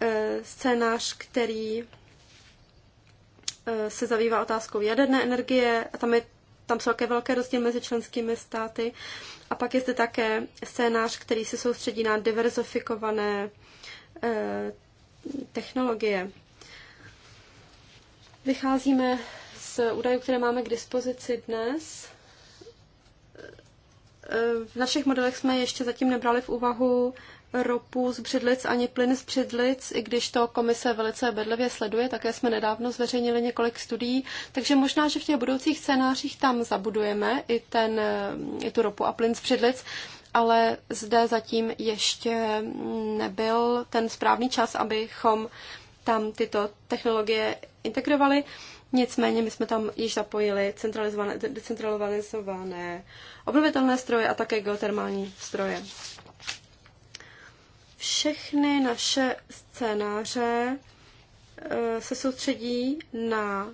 eh, scénář, který eh, se zabývá otázkou jaderné energie a tam, je, tam jsou také velké rozdíly mezi členskými státy. A pak je zde také scénář, který se soustředí na diverzifikované technologie. Vycházíme z údajů, které máme k dispozici dnes. V našich modelech jsme ještě zatím nebrali v úvahu ropu z břidlic ani plyn z břidlic, i když to komise velice bedlivě sleduje, také jsme nedávno zveřejnili několik studií, takže možná, že v těch budoucích scénářích tam zabudujeme i, ten, i tu ropu a plyn z břidlic, ale zde zatím ještě nebyl ten správný čas, abychom tam tyto technologie integrovali. Nicméně my jsme tam již zapojili centralizované, decentralizované obnovitelné stroje a také geotermální stroje. Všechny naše scénáře eh, se soustředí na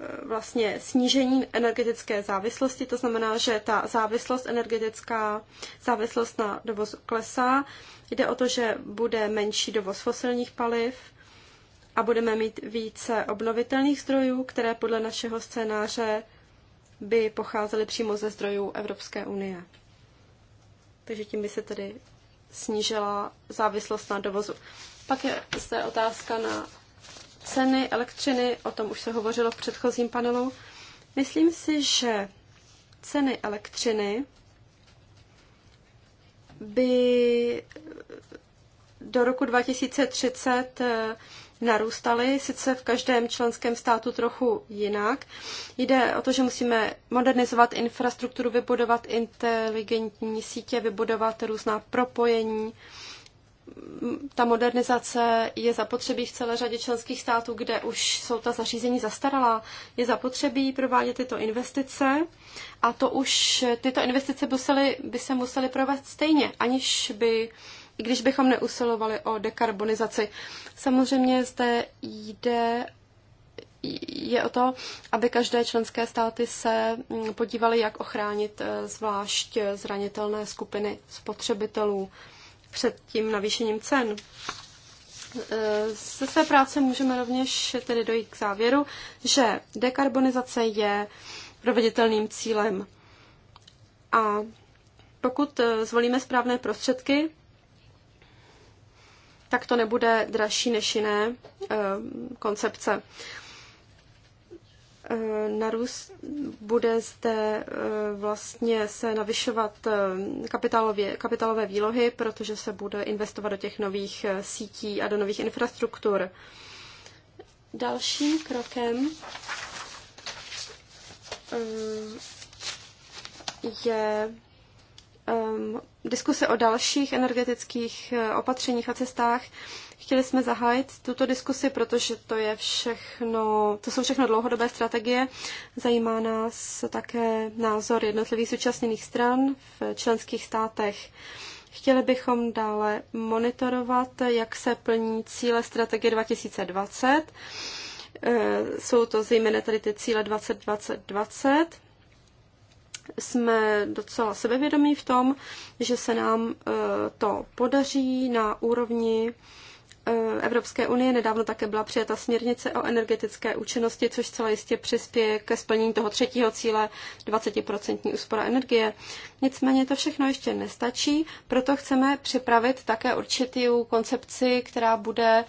Eh, vlastně snížením energetické závislosti, to znamená, že ta závislost energetická, závislost na dovozu klesá. Jde o to, že bude menší dovoz fosilních paliv a budeme mít více obnovitelných zdrojů, které podle našeho scénáře by pocházely přímo ze zdrojů Evropské unie. Takže tím by se tedy snížila závislost na dovozu. Pak je zde otázka na ceny elektřiny, o tom už se hovořilo v předchozím panelu. Myslím si, že ceny elektřiny by do roku 2030 eh, narůstaly, sice v každém členském státu trochu jinak. Jde o to, že musíme modernizovat infrastrukturu, vybudovat inteligentní sítě, vybudovat různá propojení ta modernizace je zapotřebí v celé řadě členských států, kde už jsou ta zařízení zastaralá. Je zapotřebí provádět tyto investice a to už tyto investice museli, by se musely provést stejně, aniž by i když bychom neusilovali o dekarbonizaci. Samozřejmě zde jde je o to, aby každé členské státy se mm, podívaly, jak ochránit eh, zvlášť eh, zranitelné skupiny spotřebitelů před tím navýšením cen. E, ze své práce můžeme rovněž tedy dojít k závěru, že dekarbonizace je proveditelným cílem. A pokud e, zvolíme správné prostředky, tak to nebude dražší než jiné e, koncepce. Eh, narůst, bude zde eh, vlastně se navyšovat eh, kapitálově, kapitálové výlohy, protože se bude investovat do těch nových sítí a do nových infrastruktur. Dalším krokem je diskuse o dalších energetických opatřeních a cestách. Chtěli jsme zahájit tuto diskusi, protože to je všechno, to jsou všechno dlouhodobé strategie. Zajímá nás také názor jednotlivých zúčastněných stran v členských státech. Chtěli bychom dále monitorovat, jak se plní cíle strategie 2020. Eh, jsou to zejména tady ty cíle 2020 jsme docela sebevědomí v tom, že se nám eh, to podaří na úrovni Eh, Evropské unie nedávno také byla přijata směrnice o energetické účinnosti, což celé jistě přispěje ke splnění toho třetího cíle 20% úspora energie. Nicméně to všechno ještě nestačí, proto chceme připravit také určitou koncepci, která bude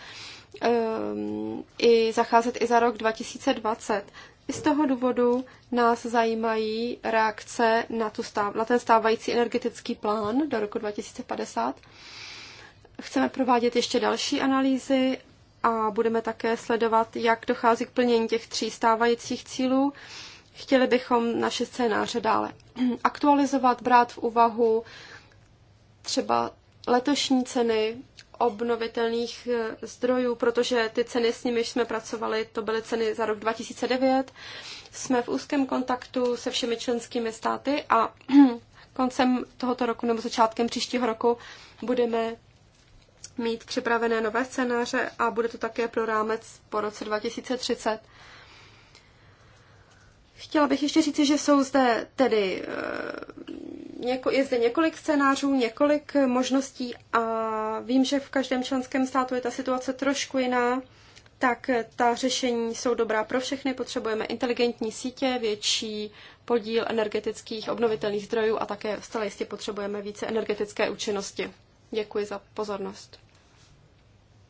um, i zacházet i za rok 2020. I z toho důvodu nás zajímají reakce na, tu stáv, na ten stávající energetický plán do roku 2050 Chceme provádět ještě další analýzy a budeme také sledovat, jak dochází k plnění těch tří stávajících cílů. Chtěli bychom naše scénáře dále aktualizovat, brát v úvahu třeba letošní ceny obnovitelných e, zdrojů, protože ty ceny, s nimiž jsme pracovali, to byly ceny za rok 2009. Jsme v úzkém kontaktu se všemi členskými státy a koncem tohoto roku nebo začátkem příštího roku budeme mít připravené nové scénáře a bude to také pro rámec po roce 2030. Chtěla bych ještě říci, že jsou zde tedy eh, něko, je zde několik scénářů, několik možností a vím, že v každém členském státu je ta situace trošku jiná, tak ta řešení jsou dobrá pro všechny. Potřebujeme inteligentní sítě, větší podíl energetických obnovitelných zdrojů a také stále jistě potřebujeme více energetické účinnosti. Děkuji za pozornost.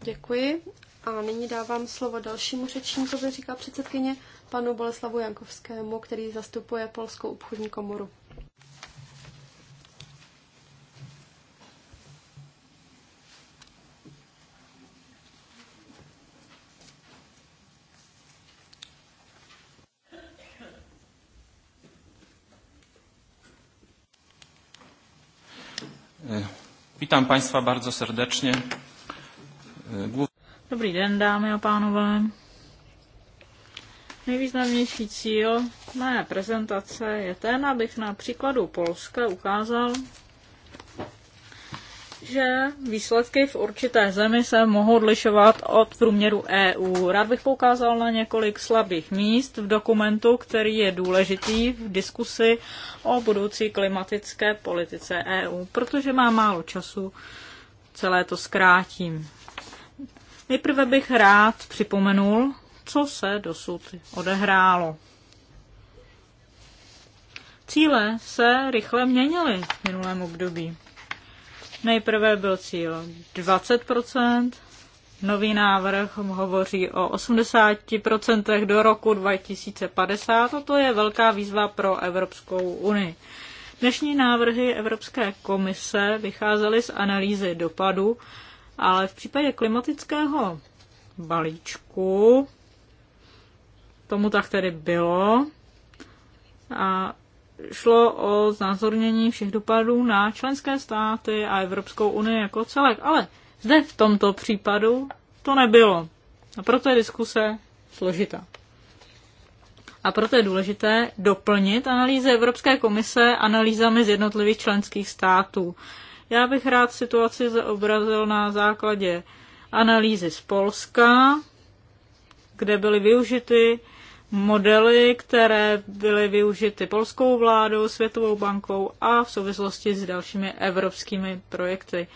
Děkuji. A nyní dávám slovo dalšímu řečníkovi, říká předsedkyně, panu Boleslavu Jankovskému, který zastupuje Polskou obchodní komoru. Vítám Państwa bardzo serdecznie. Dobrý den, dámy a pánové. Nejvýznamnější cíl mé prezentace je ten, abych na příkladu Polska ukázal, že výsledky v určité zemi se mohou odlišovat od průměru EU. Rád bych poukázal na několik slabých míst v dokumentu, který je důležitý v diskusi o budoucí klimatické politice EU. Protože má málo času, celé to zkrátím. Nejprve bych rád připomenul, co se dosud odehrálo. Cíle se rychle měnily v minulém období. Nejprve byl cíl 20%, nový návrh hovoří o 80% do roku 2050 a to je velká výzva pro Evropskou unii. Dnešní návrhy Evropské komise vycházely z analýzy dopadu, ale v případě klimatického balíčku tomu tak tedy bylo. A šlo o znázornění všech dopadů na členské státy a Evropskou unii jako celek, ale zde v tomto případu to nebylo. A proto je diskuse složitá. A proto je důležité doplnit analýzy Evropské komise analýzami z jednotlivých členských států. Já bych rád situaci zobrazil na základě analýzy z Polska, kde byly využity modely, které byly využity polskou vládou, Světovou bankou a v souvislosti s dalšími evropskými projekty.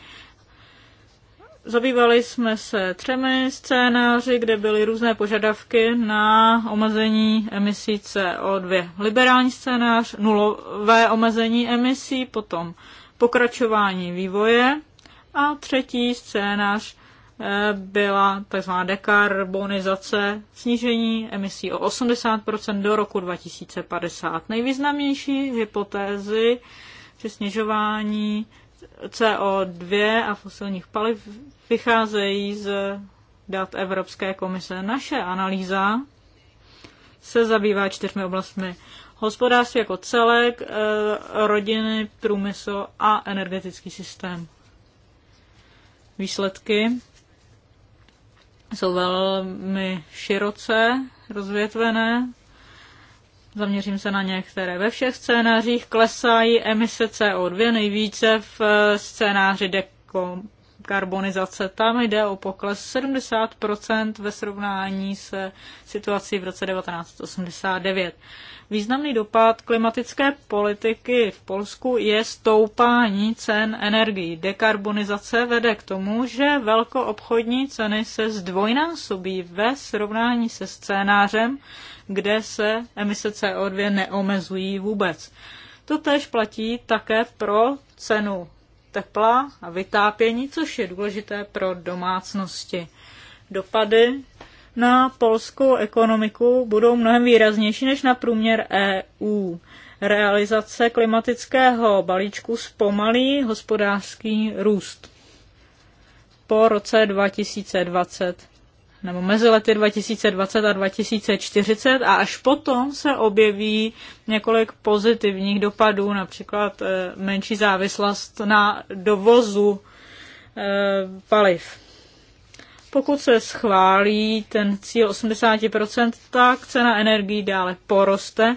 Zabývali jsme se třemi scénáři, kde byly různé požadavky na omezení emisí CO2. Liberální scénář, nulové omezení emisí, potom pokračování vývoje a třetí scénář Eh, byla tzv. dekarbonizace, snížení emisí o 80% do roku 2050. Nejvýznamnější hypotézy při snižování CO2 a fosilních paliv vycházejí z dat Evropské komise. Naše analýza se zabývá čtyřmi oblastmi. Hospodářství jako celek, eh, rodiny, průmysl a energetický systém. Výsledky jsou velmi široce rozvětvené. Zaměřím se na některé. Ve všech scénářích klesají emise CO2 nejvíce v eh, scénáři Dekom dekarbonizace. Tam jde o pokles 70% ve srovnání se situací v roce 1989. Významný dopad klimatické politiky v Polsku je stoupání cen energií. Dekarbonizace vede k tomu, že velkoobchodní ceny se zdvojnásobí ve srovnání se scénářem, kde se emise CO2 neomezují vůbec. To tež platí také pro cenu tepla a vytápění, což je důležité pro domácnosti. Dopady na polskou ekonomiku budou mnohem výraznější než na průměr EU. Realizace klimatického balíčku zpomalí hospodářský růst po roce 2020 nebo mezi lety 2020 a 2040 a až potom se objeví několik pozitivních dopadů, například eh, menší závislost na dovozu eh, paliv. Pokud se schválí ten cíl 80%, tak cena energií dále poroste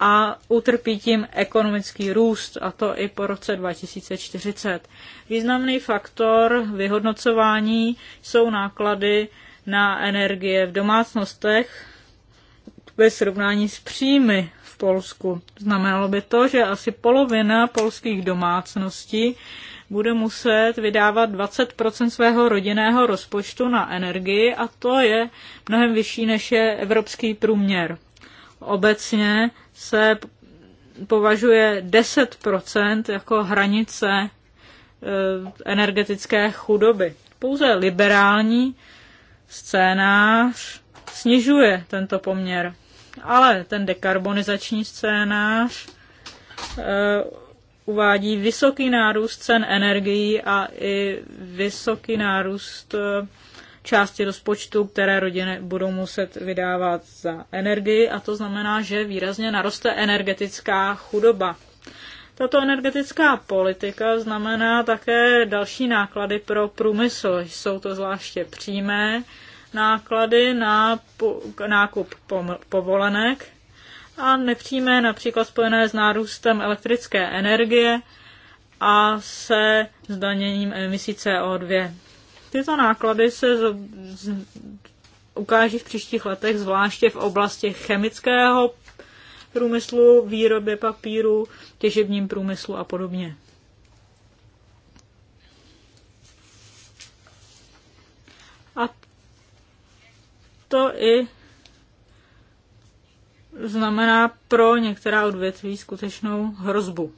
a utrpí tím ekonomický růst, a to i po roce 2040. Významný faktor vyhodnocování jsou náklady na energie v domácnostech ve srovnání s příjmy v Polsku. Znamenalo by to, že asi polovina polských domácností bude muset vydávat 20 svého rodinného rozpočtu na energii a to je mnohem vyšší než je evropský průměr. Obecně se považuje 10 jako hranice e, energetické chudoby. Pouze liberální scénář snižuje tento poměr. Ale ten dekarbonizační scénář e, uvádí vysoký nárůst cen energií a i vysoký nárůst e, části rozpočtu, které rodiny budou muset vydávat za energii a to znamená, že výrazně naroste energetická chudoba. Tato energetická politika znamená také další náklady pro průmysl. Jsou to zvláště přímé náklady na nákup povolenek a nepřímé například spojené s nárůstem elektrické energie a se zdaněním emisí CO2. Tyto náklady se z, z, ukáží v příštích letech, zvláště v oblasti chemického průmyslu, výrobě papíru, těžebním průmyslu a podobně. A to i znamená pro některá odvětví skutečnou hrozbu.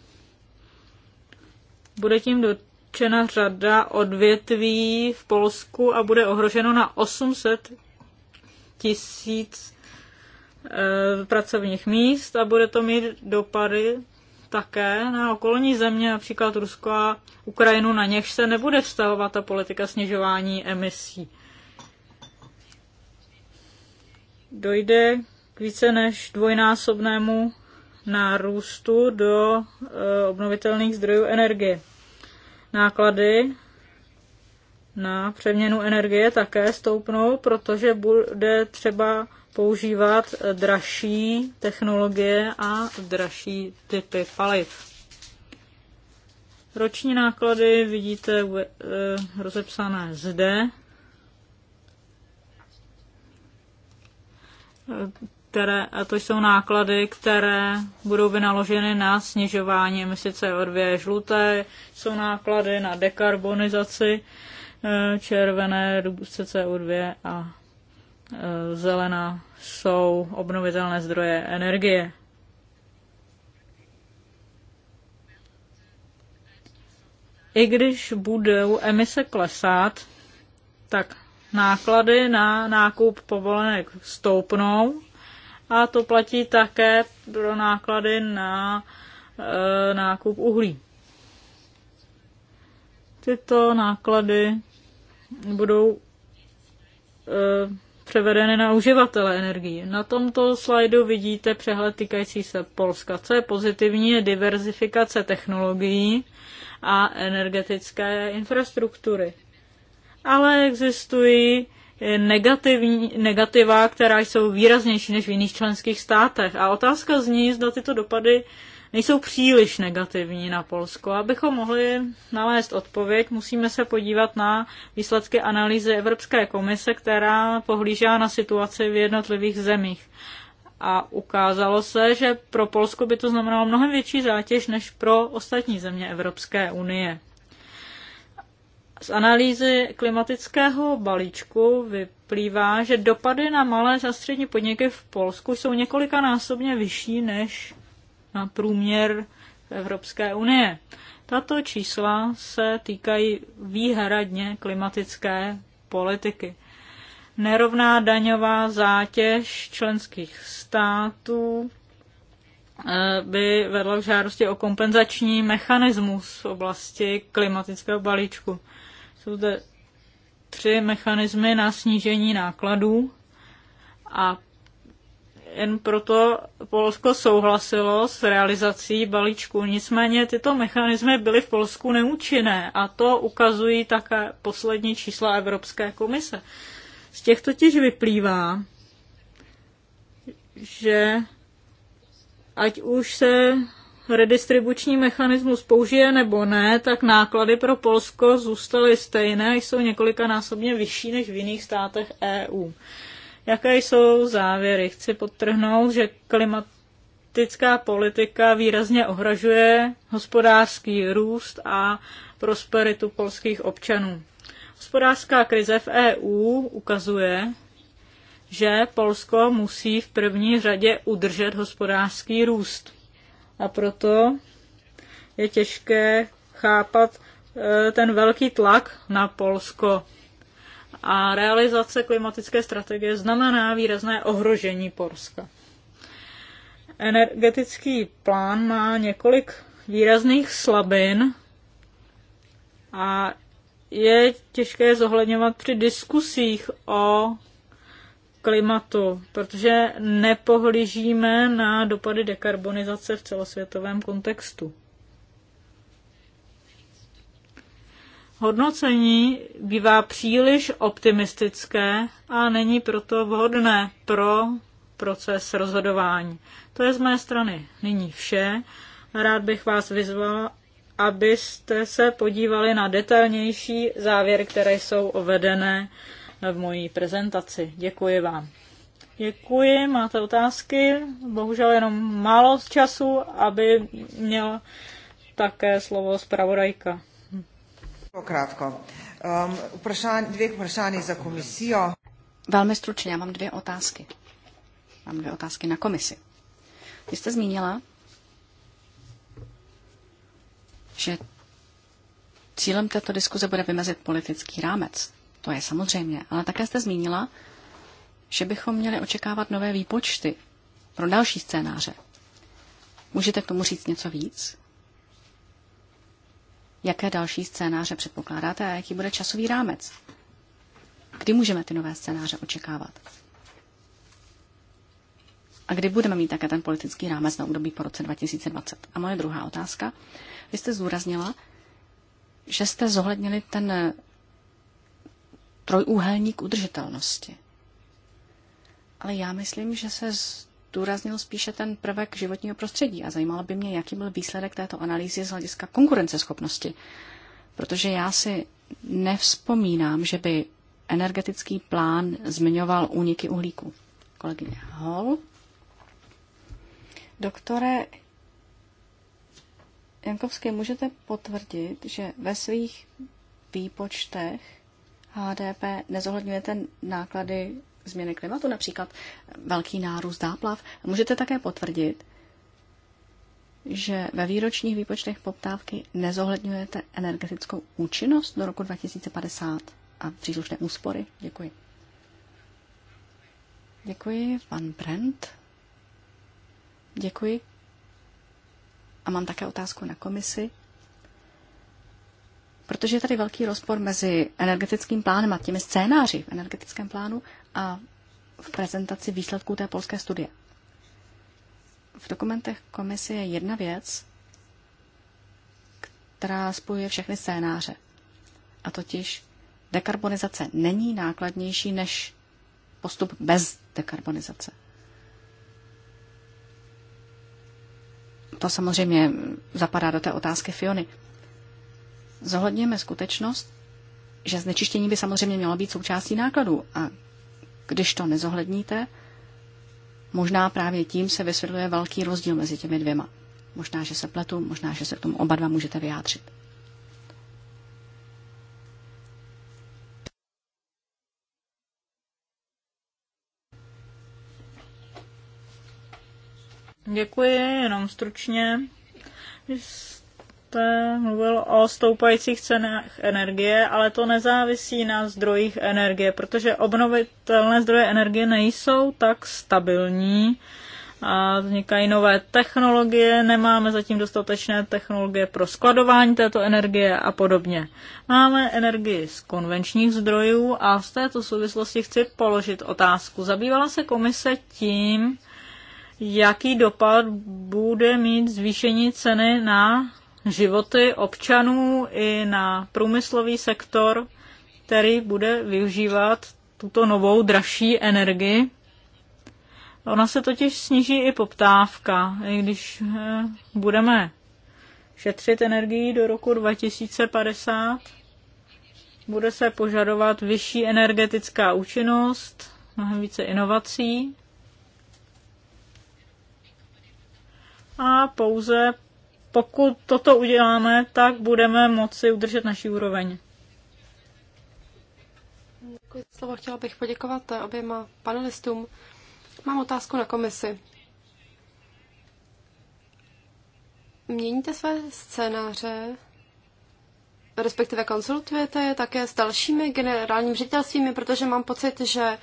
Bude tím dotčena řada odvětví v Polsku a bude ohroženo na 800 tisíc Eh, pracovních míst a bude to mít dopady také na okolní země, například Rusko a Ukrajinu, na něž se nebude vztahovat ta politika snižování emisí. Dojde k více než dvojnásobnému nárůstu do eh, obnovitelných zdrojů energie. Náklady na přeměnu energie také stoupnou, protože bude třeba používat dražší technologie a dražší typy paliv. Roční náklady vidíte eh, rozepsané zde. Eh, které, a to jsou náklady, které budou vynaloženy na snižování emisí CO2. Žluté jsou náklady na dekarbonizaci, eh, červené redukce CO2 a Eh, zelená jsou obnovitelné zdroje energie. I když budou emise klesat, tak náklady na nákup povolenek stoupnou a to platí také pro náklady na e, nákup uhlí. Tyto náklady budou e, převedeny na uživatele energie. Na tomto slajdu vidíte přehled týkající se Polska. Co je pozitivní, je diverzifikace technologií a energetické infrastruktury. Ale existují negativní, negativa, která jsou výraznější než v jiných členských státech. A otázka zní, zda tyto dopady nejsou příliš negativní na Polsko. Abychom mohli nalézt odpověď, musíme se podívat na výsledky analýzy Evropské komise, která pohlížá na situaci v jednotlivých zemích. A ukázalo se, že pro Polsko by to znamenalo mnohem větší zátěž než pro ostatní země Evropské unie. Z analýzy klimatického balíčku vyplývá, že dopady na malé a střední podniky v Polsku jsou několikanásobně vyšší než na průměr Evropské unie. Tato čísla se týkají výhradně klimatické politiky. Nerovná daňová zátěž členských států eh, by vedla k žádosti o kompenzační mechanismus v oblasti klimatického balíčku. Jsou zde tři mechanismy na snížení nákladů a jen proto Polsko souhlasilo s realizací balíčku. Nicméně tyto mechanismy byly v Polsku neúčinné a to ukazují také poslední čísla Evropské komise. Z těch totiž vyplývá, že ať už se redistribuční mechanismus použije nebo ne, tak náklady pro Polsko zůstaly stejné, jsou několikanásobně vyšší než v jiných státech EU. Jaké jsou závěry? Chci podtrhnout, že klimatická politika výrazně ohrožuje hospodářský růst a prosperitu polských občanů. Hospodářská krize v EU ukazuje, že Polsko musí v první řadě udržet hospodářský růst. A proto je těžké chápat e, ten velký tlak na Polsko a realizace klimatické strategie znamená výrazné ohrožení Polska. Energetický plán má několik výrazných slabin a je těžké zohledňovat při diskusích o klimatu, protože nepohlížíme na dopady dekarbonizace v celosvětovém kontextu. Hodnocení bývá příliš optimistické a není proto vhodné pro proces rozhodování. To je z mé strany nyní vše. Rád bych vás vyzval, abyste se podívali na detailnější závěry, které jsou uvedené v mojí prezentaci. Děkuji vám. Děkuji, máte otázky. Bohužel jenom málo času, aby měl také slovo zpravodajka. Jako krátko. Um, vprašan, dvě vprašání za komisijo. Velmi stručně, já mám dvě otázky. Mám dvě otázky na komisi. Vy jste zmínila, že cílem této diskuze bude vymezit politický rámec. To je samozřejmě. Ale také jste zmínila, že bychom měli očekávat nové výpočty pro další scénáře. Můžete k tomu říct něco víc? Jaké další scénáře předpokládáte a jaký bude časový rámec? Kdy můžeme ty nové scénáře očekávat? A kdy budeme mít také ten politický rámec na období po roce 2020? A moje druhá otázka. Vy jste zúraznila, že jste zohlednili ten trojúhelník udržitelnosti. Ale já myslím, že se z zdůraznil spíše ten prvek životního prostředí a zajímalo by mě, jaký byl výsledek této analýzy z hlediska konkurenceschopnosti. Protože já si nevzpomínám, že by energetický plán zmiňoval úniky uhlíku. Kolegyně Hol. Doktore Jankovské, můžete potvrdit, že ve svých výpočtech HDP nezohledňujete náklady změny klimatu, například velký nárůst záplav. Můžete také potvrdit, že ve výročních výpočtech poptávky nezohledňujete energetickou účinnost do roku 2050 a příslušné úspory? Děkuji. Děkuji, pan Brent. Děkuji. A mám také otázku na komisi. Protože je tady velký rozpor mezi energetickým plánem a těmi scénáři v energetickém plánu a v prezentaci výsledků té polské studie. V dokumentech komise je jedna věc, která spojuje všechny scénáře. A totiž dekarbonizace není nákladnější než postup bez dekarbonizace. To samozřejmě zapadá do té otázky Fiony zohledněme skutečnost, že znečištění by samozřejmě mělo být součástí nákladů. A když to nezohledníte, možná právě tím se vysvětluje velký rozdíl mezi těmi dvěma. Možná, že se pletu, možná, že se k tomu oba dva můžete vyjádřit. Děkuji, jenom stručně jste mluvil o stoupajících cenách energie, ale to nezávisí na zdrojích energie, protože obnovitelné zdroje energie nejsou tak stabilní a vznikají nové technologie, nemáme zatím dostatečné technologie pro skladování této energie a podobně. Máme energii z konvenčních zdrojů a z této souvislosti chci položit otázku. Zabývala se komise tím, jaký dopad bude mít zvýšení ceny na životy občanů i na průmyslový sektor, který bude využívat tuto novou dražší energii. Ona se totiž sníží i poptávka, i když eh, budeme šetřit energii do roku 2050. Bude se požadovat vyšší energetická účinnost, mnohem více inovací. A pouze pokud toto uděláme, tak budeme moci udržet naši úroveň. Děkuji za slovo. Chtěla bych poděkovat eh, oběma panelistům. Mám otázku na komisi. Měníte své scénáře respektive konsultujete je také s dalšími generálními ředitelstvími, protože mám pocit, že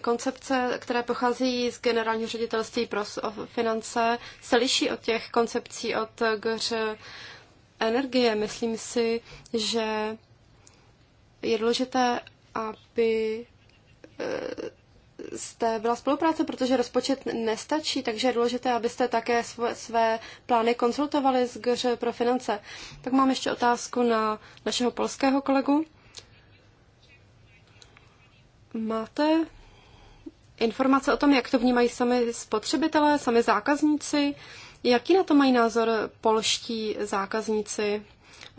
koncepce, které pochází z generálního ředitelství pro finance, se liší od těch koncepcí od GŘ energie. Myslím si, že je důležité, aby eh, jste byla spolupráce, protože rozpočet nestačí, takže je důležité, abyste také své, své plány konzultovali s GŘ pro finance. Tak mám ještě otázku na našeho polského kolegu. Máte informace o tom, jak to vnímají sami spotřebitelé, sami zákazníci? Jaký na to mají názor polští zákazníci?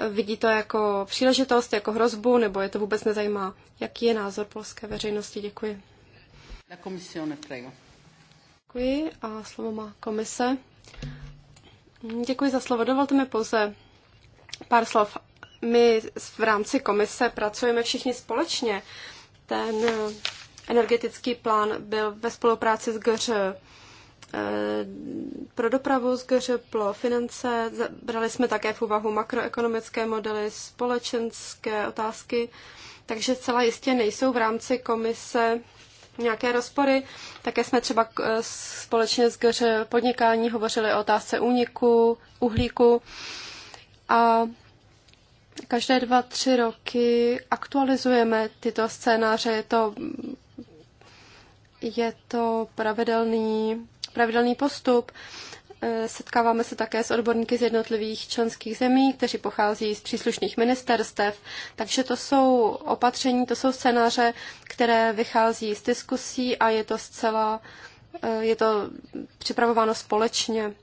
Vidí to jako příležitost, jako hrozbu, nebo je to vůbec nezajímá? Jaký je názor polské veřejnosti? Děkuji. La Commissione, prego. Děkuji a slovo má komise. Děkuji za slovo. Dovolte mi pouze pár slov. My v rámci komise pracujeme všichni společně. Ten eh, energetický plán byl ve spolupráci s GŘ eh, pro dopravu s GŘ, pro finance. Brali jsme také v úvahu makroekonomické modely, společenské otázky, takže celá jistě nejsou v rámci komise nějaké rozpory. Také jsme třeba e, společně s GŘ podnikání hovořili o otázce úniku, uhlíku a každé dva, tři roky aktualizujeme tyto scénáře. Je to, je to pravidelný, pravidelný postup. Eh, setkáváme se také s odborníky z jednotlivých členských zemí, kteří pochází z příslušných ministerstev. Takže to jsou opatření, to jsou scénáře, které vychází z diskusí a je to zcela, eh, je to připravováno společně.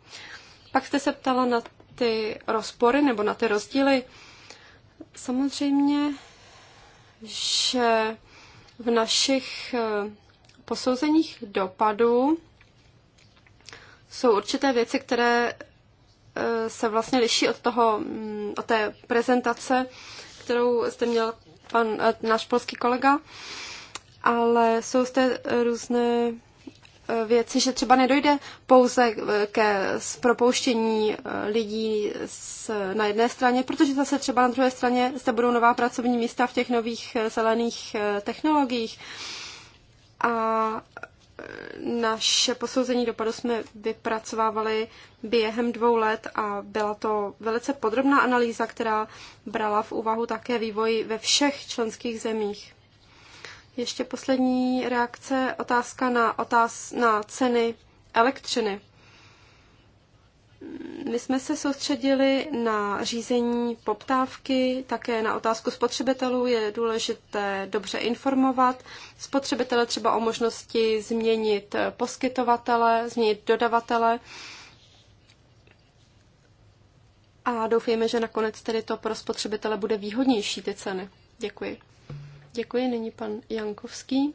Pak jste se ptala na ty rozpory nebo na ty rozdíly. Samozřejmě, že v našich eh, posouzeních dopadů jsou určité věci, které eh, se vlastně liší od toho, mm, od té prezentace, kterou jste měl pan, eh, náš polský kolega, ale jsou zde různé eh, věci, že třeba nedojde pouze ke propouštění lidí z, na jedné straně, protože zase třeba na druhé straně zde budou nová pracovní místa v těch nových zelených technologiích. A naše posouzení dopadu jsme vypracovávali během dvou let a byla to velice podrobná analýza, která brala v úvahu také vývoj ve všech členských zemích. Ještě poslední reakce, otázka na, otáz, na ceny elektřiny. My jsme se soustředili na řízení poptávky, také na otázku spotřebitelů. Je důležité dobře informovat spotřebitele třeba o možnosti změnit poskytovatele, změnit dodavatele. A doufejme, že nakonec tedy to pro spotřebitele bude výhodnější ty ceny. Děkuji. Děkuji. Nyní pan Jankovský.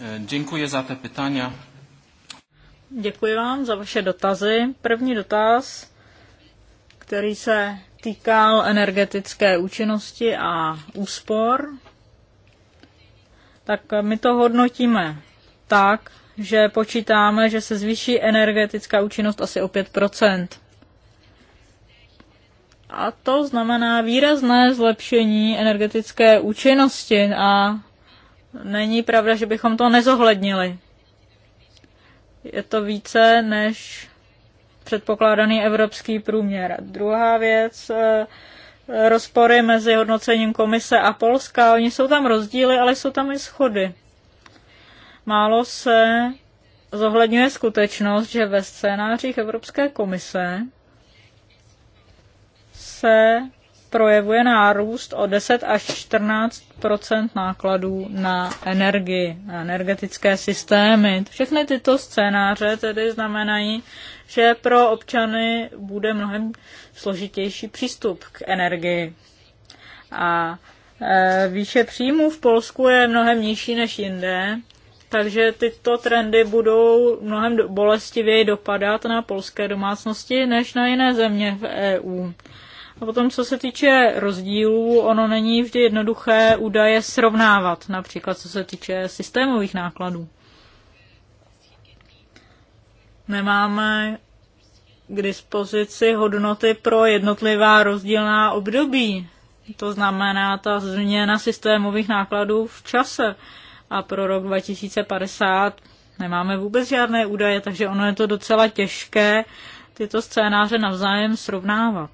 Eh, děkuji za ty pytania. Děkuji vám za vaše dotazy. První dotaz, který se týkal energetické účinnosti a úspor, tak my to hodnotíme tak, že počítáme, že se zvýší energetická účinnost asi o 5 A to znamená výrazné zlepšení energetické účinnosti a není pravda, že bychom to nezohlednili. Je to více než předpokládaný evropský průměr. Druhá věc, eh, rozpory mezi hodnocením komise a Polska. Oni jsou tam rozdíly, ale jsou tam i schody. Málo se zohledňuje skutečnost, že ve scénářích Evropské komise se projevuje nárůst o 10 až 14 nákladů na energii, na energetické systémy. Všechny tyto scénáře tedy znamenají, že pro občany bude mnohem složitější přístup k energii. A e, výše příjmů v Polsku je mnohem nižší než jinde, takže tyto trendy budou mnohem bolestivěji dopadat na polské domácnosti než na jiné země v EU. A potom, co se týče rozdílů, ono není vždy jednoduché údaje srovnávat, například co se týče systémových nákladů. Nemáme k dispozici hodnoty pro jednotlivá rozdílná období. To znamená ta změna systémových nákladů v čase. A pro rok 2050 nemáme vůbec žádné údaje, takže ono je to docela těžké tyto scénáře navzájem srovnávat.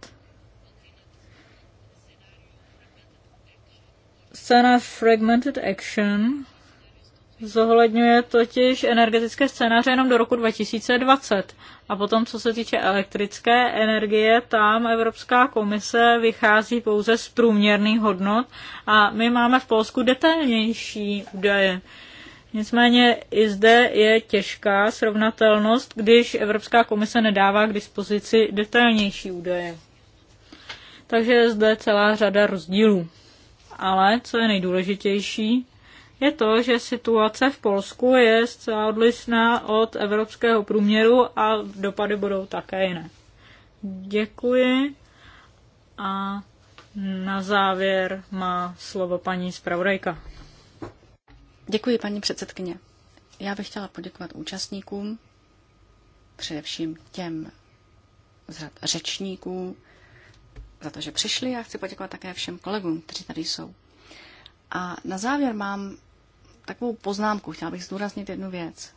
Scénář Fragmented Action zohledňuje totiž energetické scénáře jenom do roku 2020. A potom, co se týče elektrické energie, tam Evropská komise vychází pouze z průměrných hodnot a my máme v Polsku detailnější údaje. Nicméně i zde je těžká srovnatelnost, když Evropská komise nedává k dispozici detailnější údaje. Takže je zde celá řada rozdílů ale co je nejdůležitější, je to, že situace v Polsku je zcela odlišná od evropského průměru a dopady budou také jiné. Děkuji a na závěr má slovo paní zpravodajka. Děkuji, paní předsedkyně. Já bych chtěla poděkovat účastníkům, především těm z řad řečníků, za to, že přišli a chci poděkovat také všem kolegům, kteří tady jsou. A na závěr mám takovou poznámku. Chtěla bych zdůraznit jednu věc.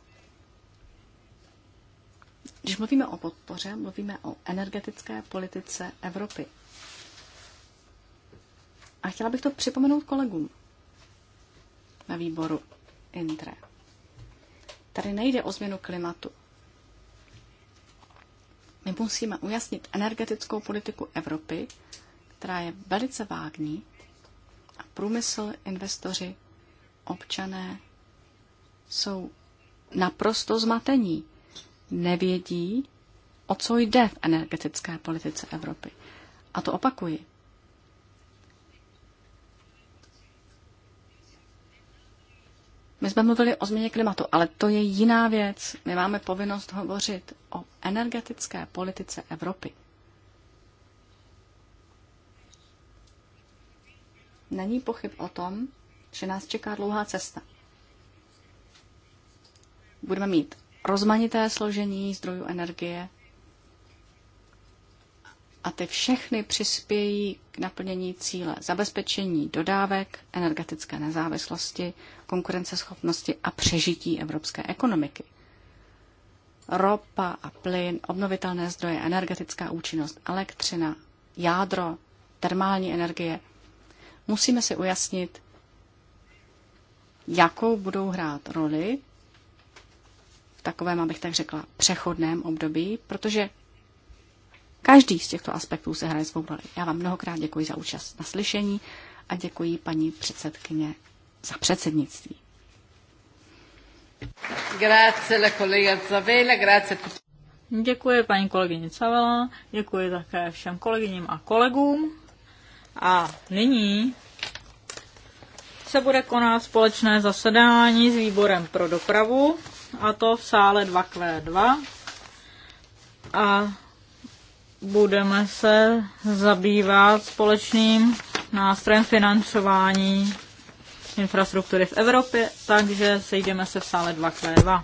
Když mluvíme o podpoře, mluvíme o energetické politice Evropy. A chtěla bych to připomenout kolegům na výboru INTRE. Tady nejde o změnu klimatu. My musíme ujasnit energetickou politiku Evropy, která je velice vágní a průmysl, investoři, občané jsou naprosto zmatení. Nevědí, o co jde v energetické politice Evropy. A to opakuji. My jsme mluvili o změně klimatu, ale to je jiná věc. My máme povinnost hovořit o energetické politice Evropy. Není pochyb o tom, že nás čeká dlouhá cesta. Budeme mít rozmanité složení zdrojů energie, a ty všechny přispějí k naplnění cíle zabezpečení dodávek, energetické nezávislosti, konkurenceschopnosti a přežití evropské ekonomiky. Ropa a plyn, obnovitelné zdroje, energetická účinnost, elektřina, jádro, termální energie. Musíme si ujasnit, jakou budou hrát roli v takovém, abych tak řekla, přechodném období, protože Každý z těchto aspektů se hraje svou roli. Já vám mnohokrát děkuji za účast na slyšení a děkuji paní předsedkyně za předsednictví. Děkuji paní kolegyni Cavela, děkuji také všem kolegyním a kolegům. A nyní se bude konat společné zasedání s výborem pro dopravu, a to v sále 2Q2. A budeme se zabývat společným nástrojem financování infrastruktury v Evropě, takže sejdeme se v sále 2Q2.